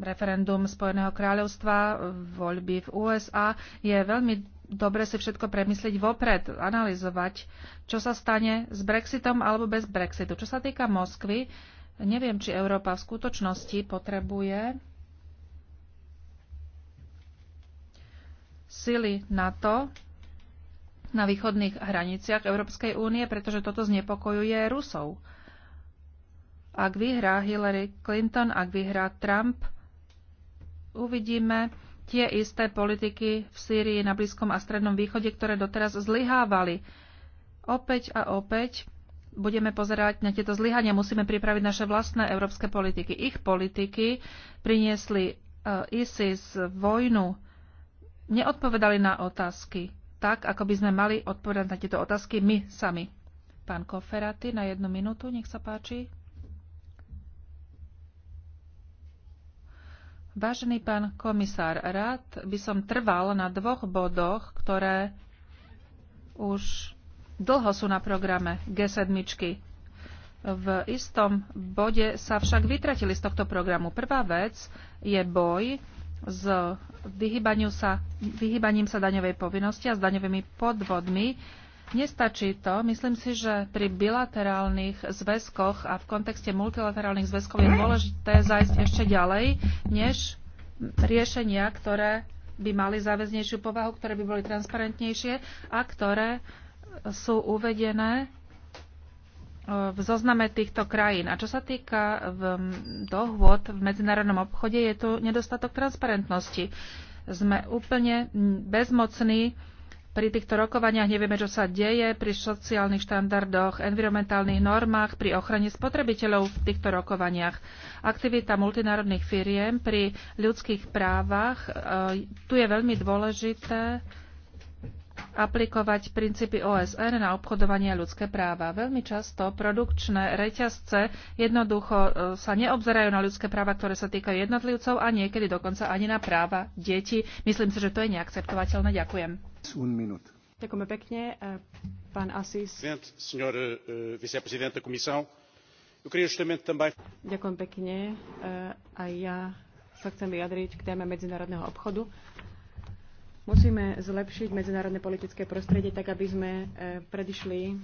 referendum Spojeného kráľovstva, voľby v USA, je veľmi dobre si všetko premyslieť vopred, analyzovať, čo sa stane s Brexitom alebo bez Brexitu. Čo sa týka Moskvy, neviem, či Európa v skutočnosti potrebuje sily NATO na východných hraniciach Európskej únie, pretože toto znepokojuje Rusov. Ak vyhrá Hillary Clinton, ak vyhrá Trump, uvidíme tie isté politiky v Sýrii, na Blízkom a Strednom východe, ktoré doteraz zlyhávali. Opäť a opäť budeme pozerať na tieto zlyhania. Musíme pripraviť naše vlastné európske politiky. Ich politiky priniesli e, ISIS, vojnu, neodpovedali na otázky tak, ako by sme mali odpovedať na tieto otázky my sami. Pán Koferaty, na jednu minútu, nech sa páči. Vážený pán komisár, rád by som trval na dvoch bodoch, ktoré už dlho sú na programe G7. V istom bode sa však vytratili z tohto programu. Prvá vec je boj s vyhybaním sa, sa daňovej povinnosti a s daňovými podvodmi Nestačí to. Myslím si, že pri bilaterálnych zväzkoch a v kontexte multilaterálnych zväzkov je dôležité zajsť ešte ďalej, než riešenia, ktoré by mali záväznejšiu povahu, ktoré by boli transparentnejšie a ktoré sú uvedené e, v zozname týchto krajín. A čo sa týka v dohôd v medzinárodnom obchode, je tu nedostatok transparentnosti. Sme úplne bezmocní pri týchto rokovaniach nevieme, čo sa deje pri sociálnych štandardoch, environmentálnych normách, pri ochrane spotrebiteľov v týchto rokovaniach. Aktivita multinárodných firiem pri ľudských právach. E, tu je veľmi dôležité aplikovať princípy OSN na obchodovanie a ľudské práva. Veľmi často produkčné reťazce jednoducho e, sa neobzerajú na ľudské práva, ktoré sa týkajú jednotlivcov a niekedy dokonca ani na práva detí. Myslím si, že to je neakceptovateľné. Ďakujem. Ďakujeme pekne. E, pán Asís. E, Ďakujem pekne. E, a ja sa chcem vyjadriť k téme medzinárodného obchodu. Musíme zlepšiť medzinárodné politické prostredie tak, aby sme predišli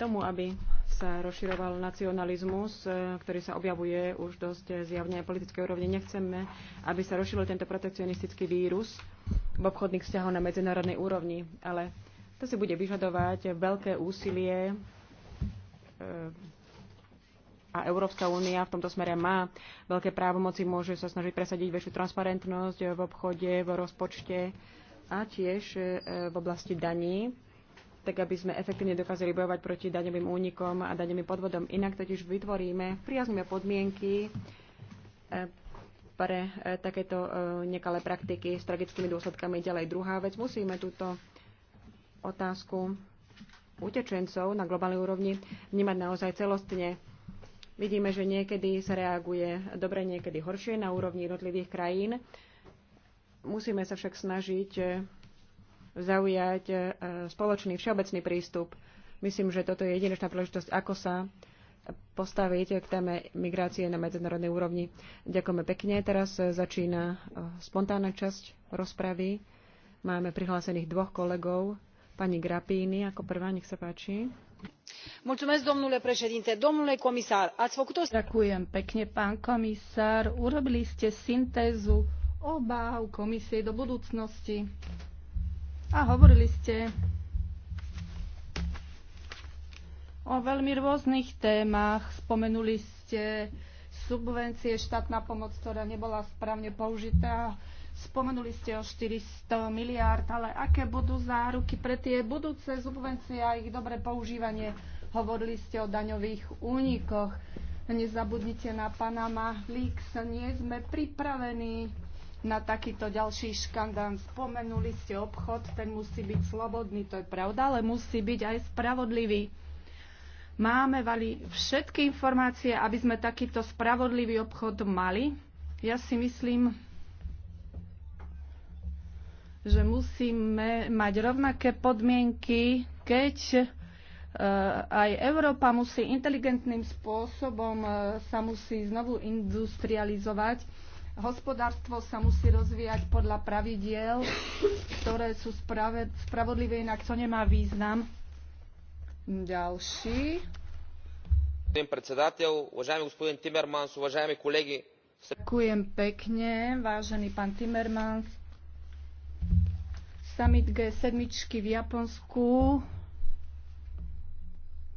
tomu, aby sa rozširoval nacionalizmus, ktorý sa objavuje už dosť zjavne na politickej úrovni. Nechceme, aby sa rozšíril tento protekcionistický vírus, v obchodných vzťahoch na medzinárodnej úrovni. Ale to si bude vyžadovať veľké úsilie e, a Európska únia v tomto smere má veľké právomoci, môže sa snažiť presadiť väčšiu transparentnosť v obchode, v rozpočte a tiež e, v oblasti daní, tak aby sme efektívne dokázali bojovať proti daňovým únikom a daňovým podvodom. Inak totiž vytvoríme priaznivé podmienky e, pre e, takéto e, nekalé praktiky s tragickými dôsledkami ďalej. Druhá vec, musíme túto otázku utečencov na globálnej úrovni vnímať naozaj celostne. Vidíme, že niekedy sa reaguje dobre, niekedy horšie na úrovni jednotlivých krajín. Musíme sa však snažiť e, zaujať spoločný všeobecný prístup. Myslím, že toto je jedinečná príležitosť, ako sa postaviť k téme migrácie na medzinárodnej úrovni. Ďakujeme pekne. Teraz začína e, spontánna časť rozpravy. Máme prihlásených dvoch kolegov. Pani Grapíny ako prvá, nech sa páči. domnule președinte domnule comisar ați făcut o. ďakujem pekne pán komisár urobili ste syntézu obáv komisie do budúcnosti a hovorili ste o veľmi rôznych témach. Spomenuli ste subvencie, štátna pomoc, ktorá nebola správne použitá. Spomenuli ste o 400 miliárd, ale aké budú záruky pre tie budúce subvencie a ich dobré používanie? Hovorili ste o daňových únikoch. Nezabudnite na Panama Leaks. Nie sme pripravení na takýto ďalší škandál. Spomenuli ste obchod, ten musí byť slobodný, to je pravda, ale musí byť aj spravodlivý Máme vali všetky informácie, aby sme takýto spravodlivý obchod mali? Ja si myslím, že musíme mať rovnaké podmienky, keď e, aj Európa musí inteligentným spôsobom e, sa musí znovu industrializovať. Hospodárstvo sa musí rozvíjať podľa pravidiel, ktoré sú spravodlivé, inak to nemá význam. Ďalší. Ďakujem pekne, vážený pán Timmermans. Summit G7 v Japonsku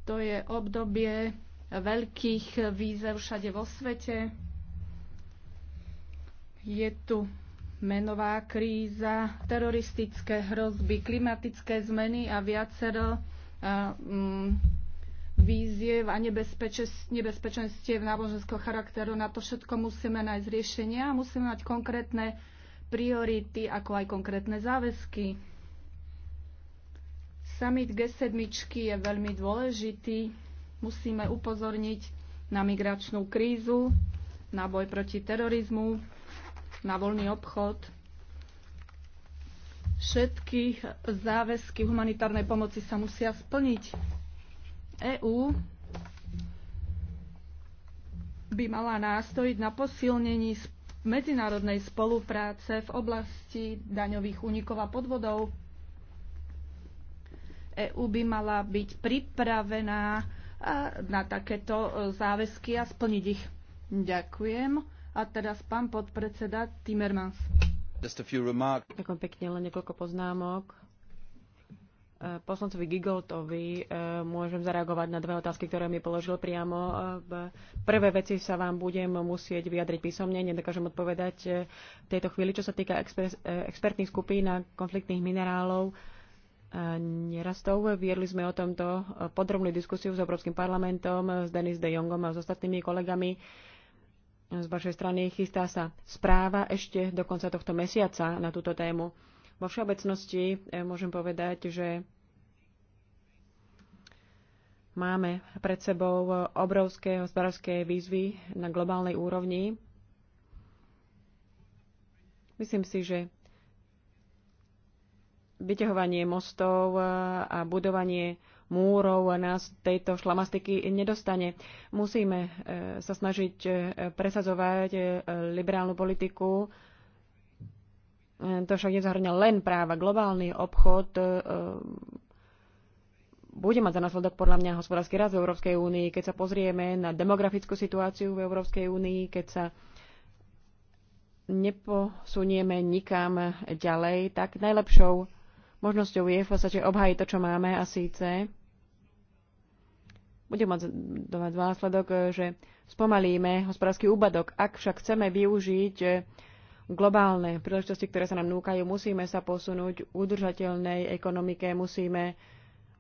to je obdobie veľkých výzev všade vo svete. Je tu menová kríza, teroristické hrozby, klimatické zmeny a viacero Mm, víziev a nebezpečenstiev náboženského charakteru. Na to všetko musíme nájsť riešenia a musíme mať konkrétne priority, ako aj konkrétne záväzky. Summit G7 je veľmi dôležitý. Musíme upozorniť na migračnú krízu, na boj proti terorizmu, na voľný obchod, Všetky záväzky humanitárnej pomoci sa musia splniť. EÚ by mala nástojiť na posilnení medzinárodnej spolupráce v oblasti daňových únikov a podvodov. EÚ by mala byť pripravená na takéto e, záväzky a splniť ich. Ďakujem. A teraz pán podpredseda Timmermans. Ďakujem pekne, len niekoľko poznámok. E, poslancovi Gigoltovi e, môžem zareagovať na dve otázky, ktoré mi položil priamo. E, v prvé veci sa vám budem musieť vyjadriť písomne, nedokážem odpovedať v tejto chvíli. Čo sa týka exper- expertných skupín na konfliktných minerálov, nerastov. Viedli sme o tomto podrobnú diskusiu s Európskym parlamentom, s Denis de Jongom a s ostatnými kolegami z vašej strany chystá sa správa ešte do konca tohto mesiaca na túto tému. Vo všeobecnosti eh, môžem povedať, že máme pred sebou obrovské hospodárske výzvy na globálnej úrovni. Myslím si, že vyťahovanie mostov a budovanie múrov nás tejto šlamastiky nedostane. Musíme e, sa snažiť e, presadzovať e, liberálnu politiku. To však nezahrňa len práva. Globálny obchod bude mať za následok podľa mňa hospodársky rast v Európskej únii, keď sa pozrieme na demografickú situáciu v Európskej únii, keď sa neposunieme nikam ďalej, tak najlepšou možnosťou je v podstate obhájiť to, čo máme a síce bude mať následok, e, že spomalíme hospodársky úbadok. Ak však chceme využiť e, globálne príležitosti, ktoré sa nám núkajú, musíme sa posunúť v udržateľnej ekonomike, musíme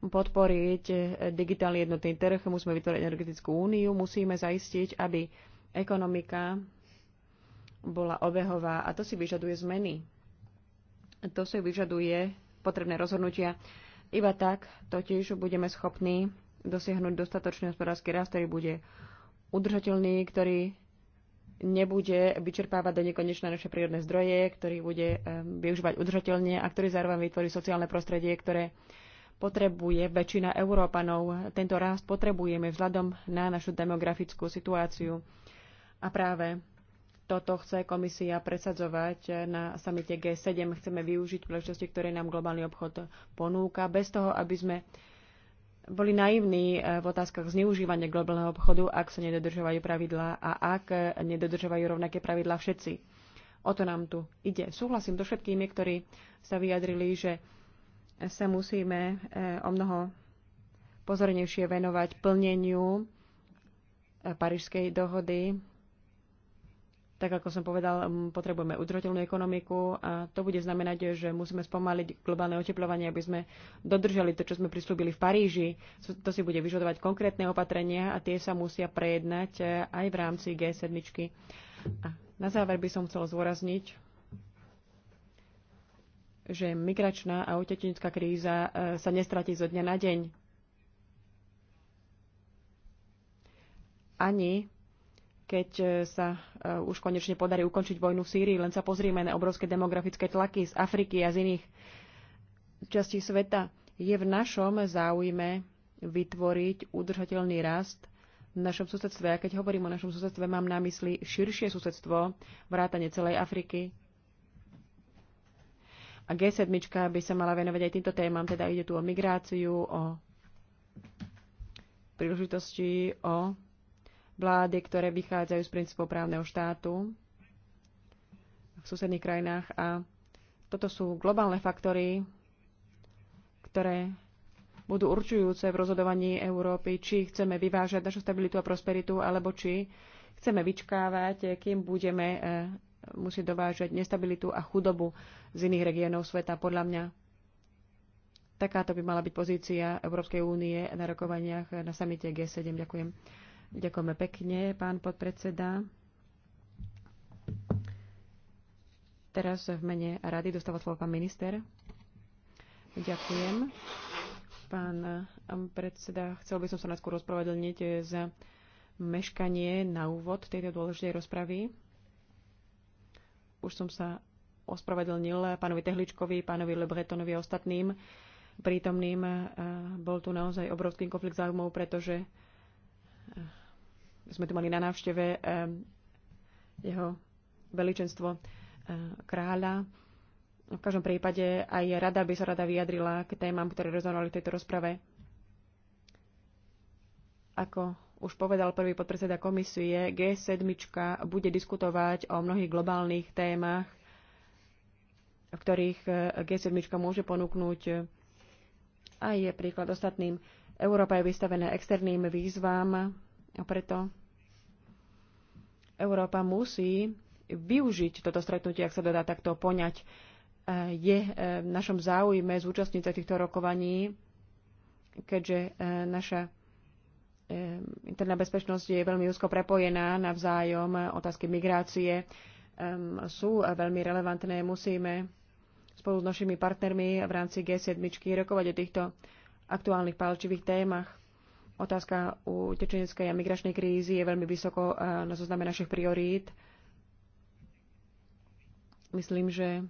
podporiť e, digitálny jednotný trh, musíme vytvoriť energetickú úniu, musíme zaistiť, aby ekonomika bola obehová a to si vyžaduje zmeny. To si vyžaduje potrebné rozhodnutia. Iba tak totiž budeme schopní dosiahnuť dostatočný hospodársky rast, ktorý bude udržateľný, ktorý nebude vyčerpávať do nekonečna naše prírodné zdroje, ktorý bude využívať udržateľne a ktorý zároveň vytvorí sociálne prostredie, ktoré potrebuje väčšina Európanov. Tento rast potrebujeme vzhľadom na našu demografickú situáciu. A práve toto chce komisia presadzovať na samite G7. Chceme využiť príležitosti, ktoré nám globálny obchod ponúka, bez toho, aby sme boli naivní eh, v otázkach zneužívania globálneho obchodu, ak sa nedodržovajú pravidlá a ak eh, nedodržovajú rovnaké pravidlá všetci. O to nám tu ide. Súhlasím so všetkými, ktorí sa vyjadrili, že sa musíme eh, o mnoho pozornejšie venovať plneniu Parížskej dohody tak ako som povedal, potrebujeme udržateľnú ekonomiku a to bude znamenať, že musíme spomaliť globálne oteplovanie, aby sme dodržali to, čo sme prislúbili v Paríži. To si bude vyžadovať konkrétne opatrenia a tie sa musia prejednať e, aj v rámci G7. A na záver by som chcel zdôrazniť, že migračná a utečenická kríza e, sa nestratí zo dňa na deň. Ani keď e, sa e, už konečne podarí ukončiť vojnu v Sýrii. Len sa pozrieme na obrovské demografické tlaky z Afriky a z iných častí sveta. Je v našom záujme vytvoriť udržateľný rast v našom susedstve. A keď hovorím o našom susedstve, mám na mysli širšie susedstvo, vrátane celej Afriky. A G7 by sa mala venovať aj týmto témam, teda ide tu o migráciu, o príležitosti, o vlády, ktoré vychádzajú z princípov právneho štátu v susedných krajinách a toto sú globálne faktory, ktoré budú určujúce v rozhodovaní Európy, či chceme vyvážať našu stabilitu a prosperitu, alebo či chceme vyčkávať, kým budeme e, musieť dovážať nestabilitu a chudobu z iných regiónov sveta. Podľa mňa takáto by mala byť pozícia Európskej únie na rokovaniach na samite G7. Ďakujem. Ďakujeme pekne, pán podpredseda. Teraz v mene rady dostáva slovo pán minister. Ďakujem. Pán um, predseda, chcel by som sa najskôr rozpravedlniť za meškanie na úvod tejto dôležitej rozpravy. Už som sa ospravedlnil pánovi Tehličkovi, pánovi Lebretonovi a ostatným prítomným. Bol tu naozaj obrovský konflikt záujmov, pretože sme tu mali na návšteve ehm, jeho veličenstvo ehm, kráľa. V každom prípade aj rada by sa rada vyjadrila k témam, ktoré rezonovali v tejto rozprave. Ako už povedal prvý podpredseda komisie, G7 bude diskutovať o mnohých globálnych témach, v ktorých eh, G7 môže ponúknuť eh, aj príklad ostatným. Európa je vystavená externým výzvam a preto Európa musí využiť toto stretnutie, ak sa dodá takto poňať. E, je e, v našom záujme zúčastniť sa týchto rokovaní, keďže e, naša interná bezpečnosť je veľmi úzko prepojená navzájom. Otázky migrácie sú veľmi relevantné. Musíme spolu s našimi partnermi v rámci G7 rokovať o týchto aktuálnych palčivých témach. Otázka u tečeneckej a migračnej krízy je veľmi vysoko eh, na zozname našich priorít. Myslím, že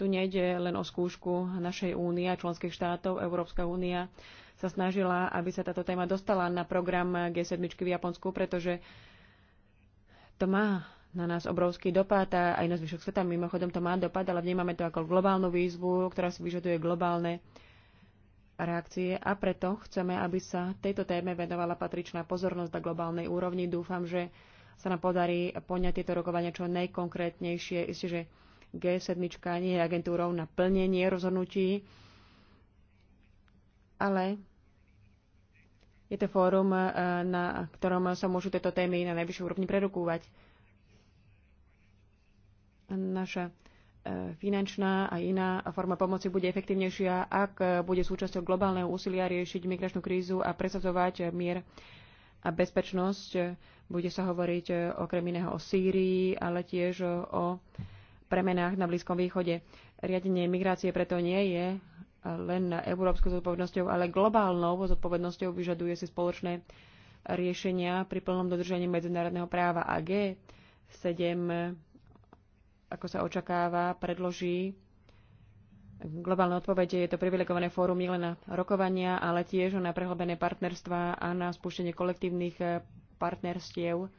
tu nejde len o skúšku našej únie a členských štátov. Európska únia sa snažila, aby sa táto téma dostala na program G7 v Japonsku, pretože to má na nás obrovský dopad a aj na zvyšok sveta. Mimochodom to má dopad, ale vnímame to ako globálnu výzvu, ktorá si vyžaduje globálne reakcie a preto chceme, aby sa tejto téme venovala patričná pozornosť na globálnej úrovni. Dúfam, že sa nám podarí poňať tieto rokovania čo najkonkrétnejšie. Isté, že G7 nie je agentúrou na plnenie rozhodnutí, ale je to fórum, eh, na ktorom sa môžu tieto témy na najvyššiu úrovni prerokúvať. Naša E, finančná a iná forma pomoci bude efektívnejšia, ak e, bude súčasťou globálneho úsilia riešiť migračnú krízu a presadzovať mier a bezpečnosť. Bude sa hovoriť e, okrem iného o Sýrii, ale tiež o premenách na Blízkom východe. Riadenie migrácie preto nie je len európskou zodpovednosťou, ale globálnou zodpovednosťou vyžaduje si spoločné riešenia pri plnom dodržaní medzinárodného práva AG7 ako sa očakáva, predloží globálne odpovede. Je to privilegované fórum nielen na rokovania, ale tiež na prehlbené partnerstva a na spúšťanie kolektívnych eh, partnerstiev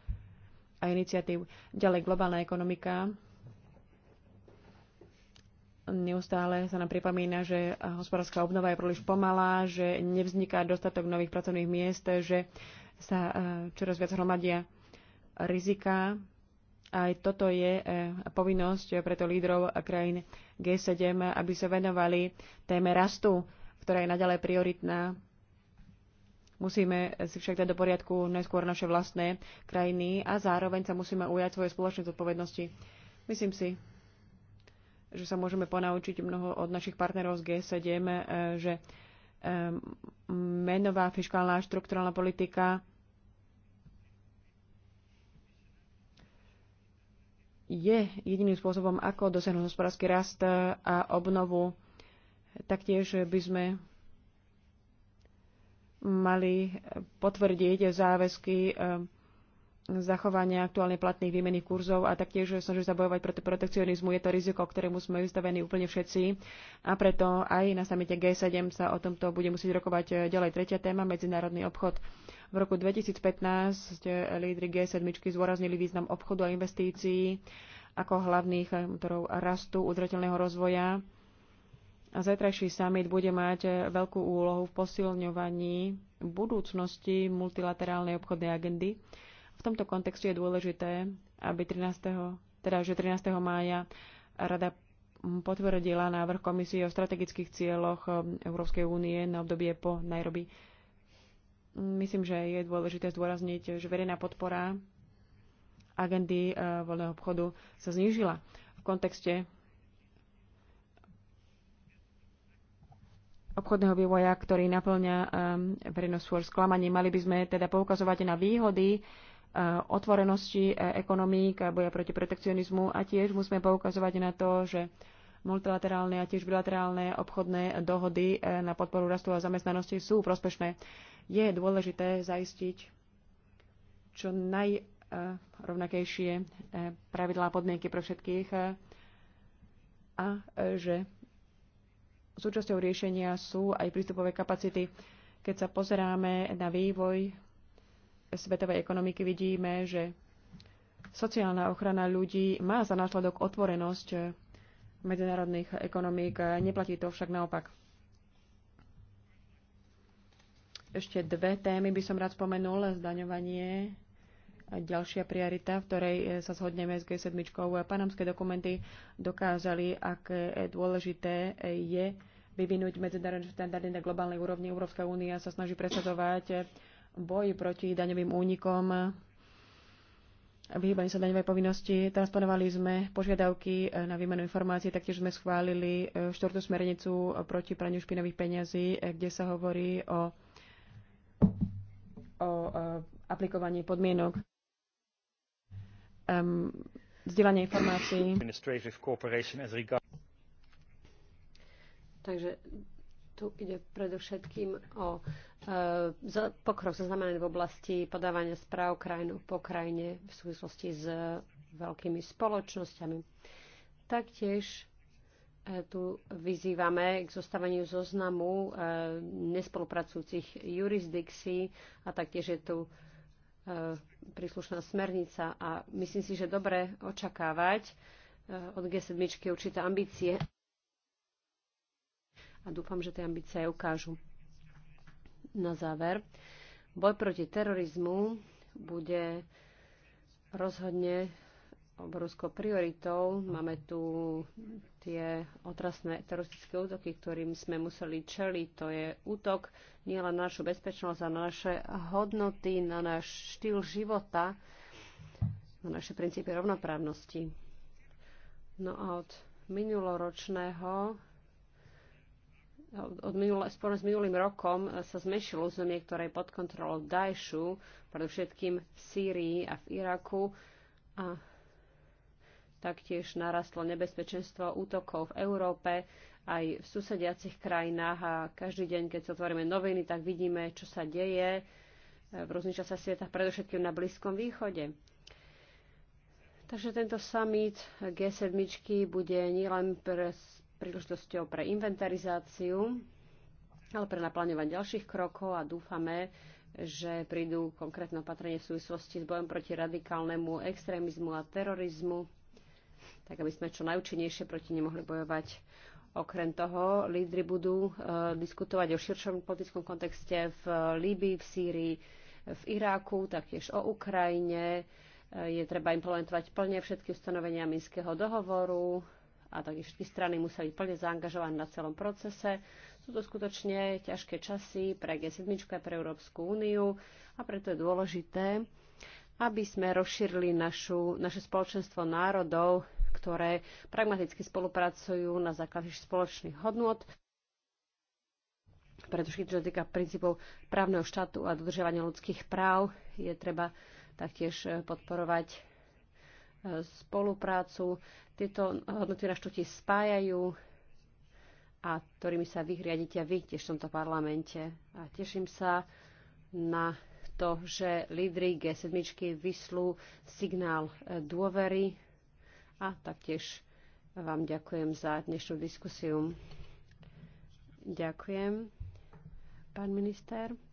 a iniciatív. Ďalej globálna ekonomika. Neustále sa nám pripomína, že hospodárska obnova je príliš pomalá, že nevzniká dostatok nových pracovných miest, že sa eh, čoraz viac hromadia rizika aj toto je e, povinnosť preto lídrov krajín G7, aby sa venovali téme rastu, ktorá je naďalej prioritná. Musíme si však dať do poriadku najskôr naše vlastné krajiny a zároveň sa musíme ujať svoje spoločné zodpovednosti. Myslím si, že sa môžeme ponaučiť mnoho od našich partnerov z G7, e, že e, menová fiskálna a štrukturálna politika je jediným spôsobom, ako dosiahnuť hospodársky rast a obnovu. Taktiež by sme mali potvrdiť záväzky zachovania aktuálne platných výmených kurzov a taktiež snažiť sa bojovať proti protekcionizmu. Je to riziko, ktorému sme vystavení úplne všetci a preto aj na samite G7 sa o tomto bude musieť rokovať e, ďalej. Tretia téma, medzinárodný obchod. V roku 2015 e, lídry G7 zdôraznili význam obchodu a investícií ako hlavných e, motorov rastu udržateľného rozvoja. A zajtrajší summit bude mať veľkú úlohu v posilňovaní budúcnosti multilaterálnej obchodnej agendy v tomto kontexte je dôležité, aby 13. Teda, že 13. mája Rada potvrdila návrh komisie o strategických cieľoch um, Európskej únie na obdobie po Nairobi. Myslím, že je dôležité zdôrazniť, že verejná podpora agendy uh, voľného obchodu sa znížila v kontexte obchodného vývoja, ktorý naplňa um, verejnosť skôr sklamanie. Mali by sme teda poukazovať na výhody Eh, otvorenosti eh, ekonomík, a boja proti protekcionizmu a tiež musíme poukazovať na to, že multilaterálne a tiež bilaterálne obchodné dohody eh, na podporu rastu a zamestnanosti sú prospešné. Je dôležité zaistiť čo najrovnakejšie pravidlá a podmienky pre všetkých a že súčasťou riešenia sú aj prístupové kapacity. Keď sa pozeráme na vývoj svetovej ekonomiky vidíme, že sociálna ochrana ľudí má za následok otvorenosť medzinárodných ekonomík. Neplatí to však naopak. Ešte dve témy by som rád spomenul. Zdaňovanie a ďalšia priorita, v ktorej sa zhodneme s G7. Panamské dokumenty dokázali, aké dôležité je vyvinúť medzinárodné štandardy na globálnej úrovni. Európska únia sa snaží presadzovať boji proti daňovým únikom, vyhýbaní sa daňovej povinnosti. Transponovali sme požiadavky na výmenu informácií, taktiež sme schválili e, štvrtú smernicu proti praniu špinových peňazí, e, kde sa hovorí o, o e, aplikovaní podmienok um, vzdielanie informácií. Takže tu ide predovšetkým o E, pokrok zaznamenaný v oblasti podávania správ krajinu po krajine v súvislosti s veľkými spoločnosťami. Taktiež e, tu vyzývame k zostávaniu zoznamu e, nespolupracujúcich jurisdikcií a taktiež je tu príslušná smernica a myslím si, že dobre očakávať od G7 určité ambície a dúfam, že tie ambície ukážu na záver. Boj proti terorizmu bude rozhodne obrovskou prioritou. Máme tu tie otrasné teroristické útoky, ktorým sme museli čeliť. To je útok nielen na našu bezpečnosť, ale na naše hodnoty, na náš štýl života, na naše princípy rovnoprávnosti. No a od minuloročného od minule, sporo s minulým rokom sa zmešilo územie, ktoré je pod kontrolou Daeshu, predovšetkým v Sýrii a v Iraku a taktiež narastlo nebezpečenstvo útokov v Európe aj v susediacich krajinách a každý deň, keď sa otvoríme noviny, tak vidíme, čo sa deje v rôznych časách sveta, predovšetkým na Blízkom východe. Takže tento summit G7 bude nielen pre príležitosťou pre inventarizáciu, ale pre naplňovať ďalších krokov a dúfame, že prídu konkrétne opatrenie v súvislosti s bojom proti radikálnemu extrémizmu a terorizmu, tak aby sme čo najúčinnejšie proti nemohli bojovať. Okrem toho, lídry budú uh, diskutovať o širšom politickom kontexte v e, Líbii, v Sýrii, v Iráku, taktiež o Ukrajine. Uh, je treba implementovať plne všetky ustanovenia Minského dohovoru, a tak všetky strany musia byť plne zaangažované na celom procese. Sú to skutočne ťažké časy pre G7 a pre Európsku úniu a preto je dôležité, aby sme rozšírili našu, naše spoločenstvo národov, ktoré pragmaticky spolupracujú na základe spoločných hodnôt pretože keď sa týka princípov právneho štátu a dodržiavania ľudských práv, je treba taktiež podporovať spoluprácu. Tieto hodnoty nás štúti spájajú a ktorými sa vyhriadíte vy tiež v tomto parlamente. A teším sa na to, že lídry G7 vyslú signál dôvery a taktiež vám ďakujem za dnešnú diskusiu. Ďakujem, pán minister.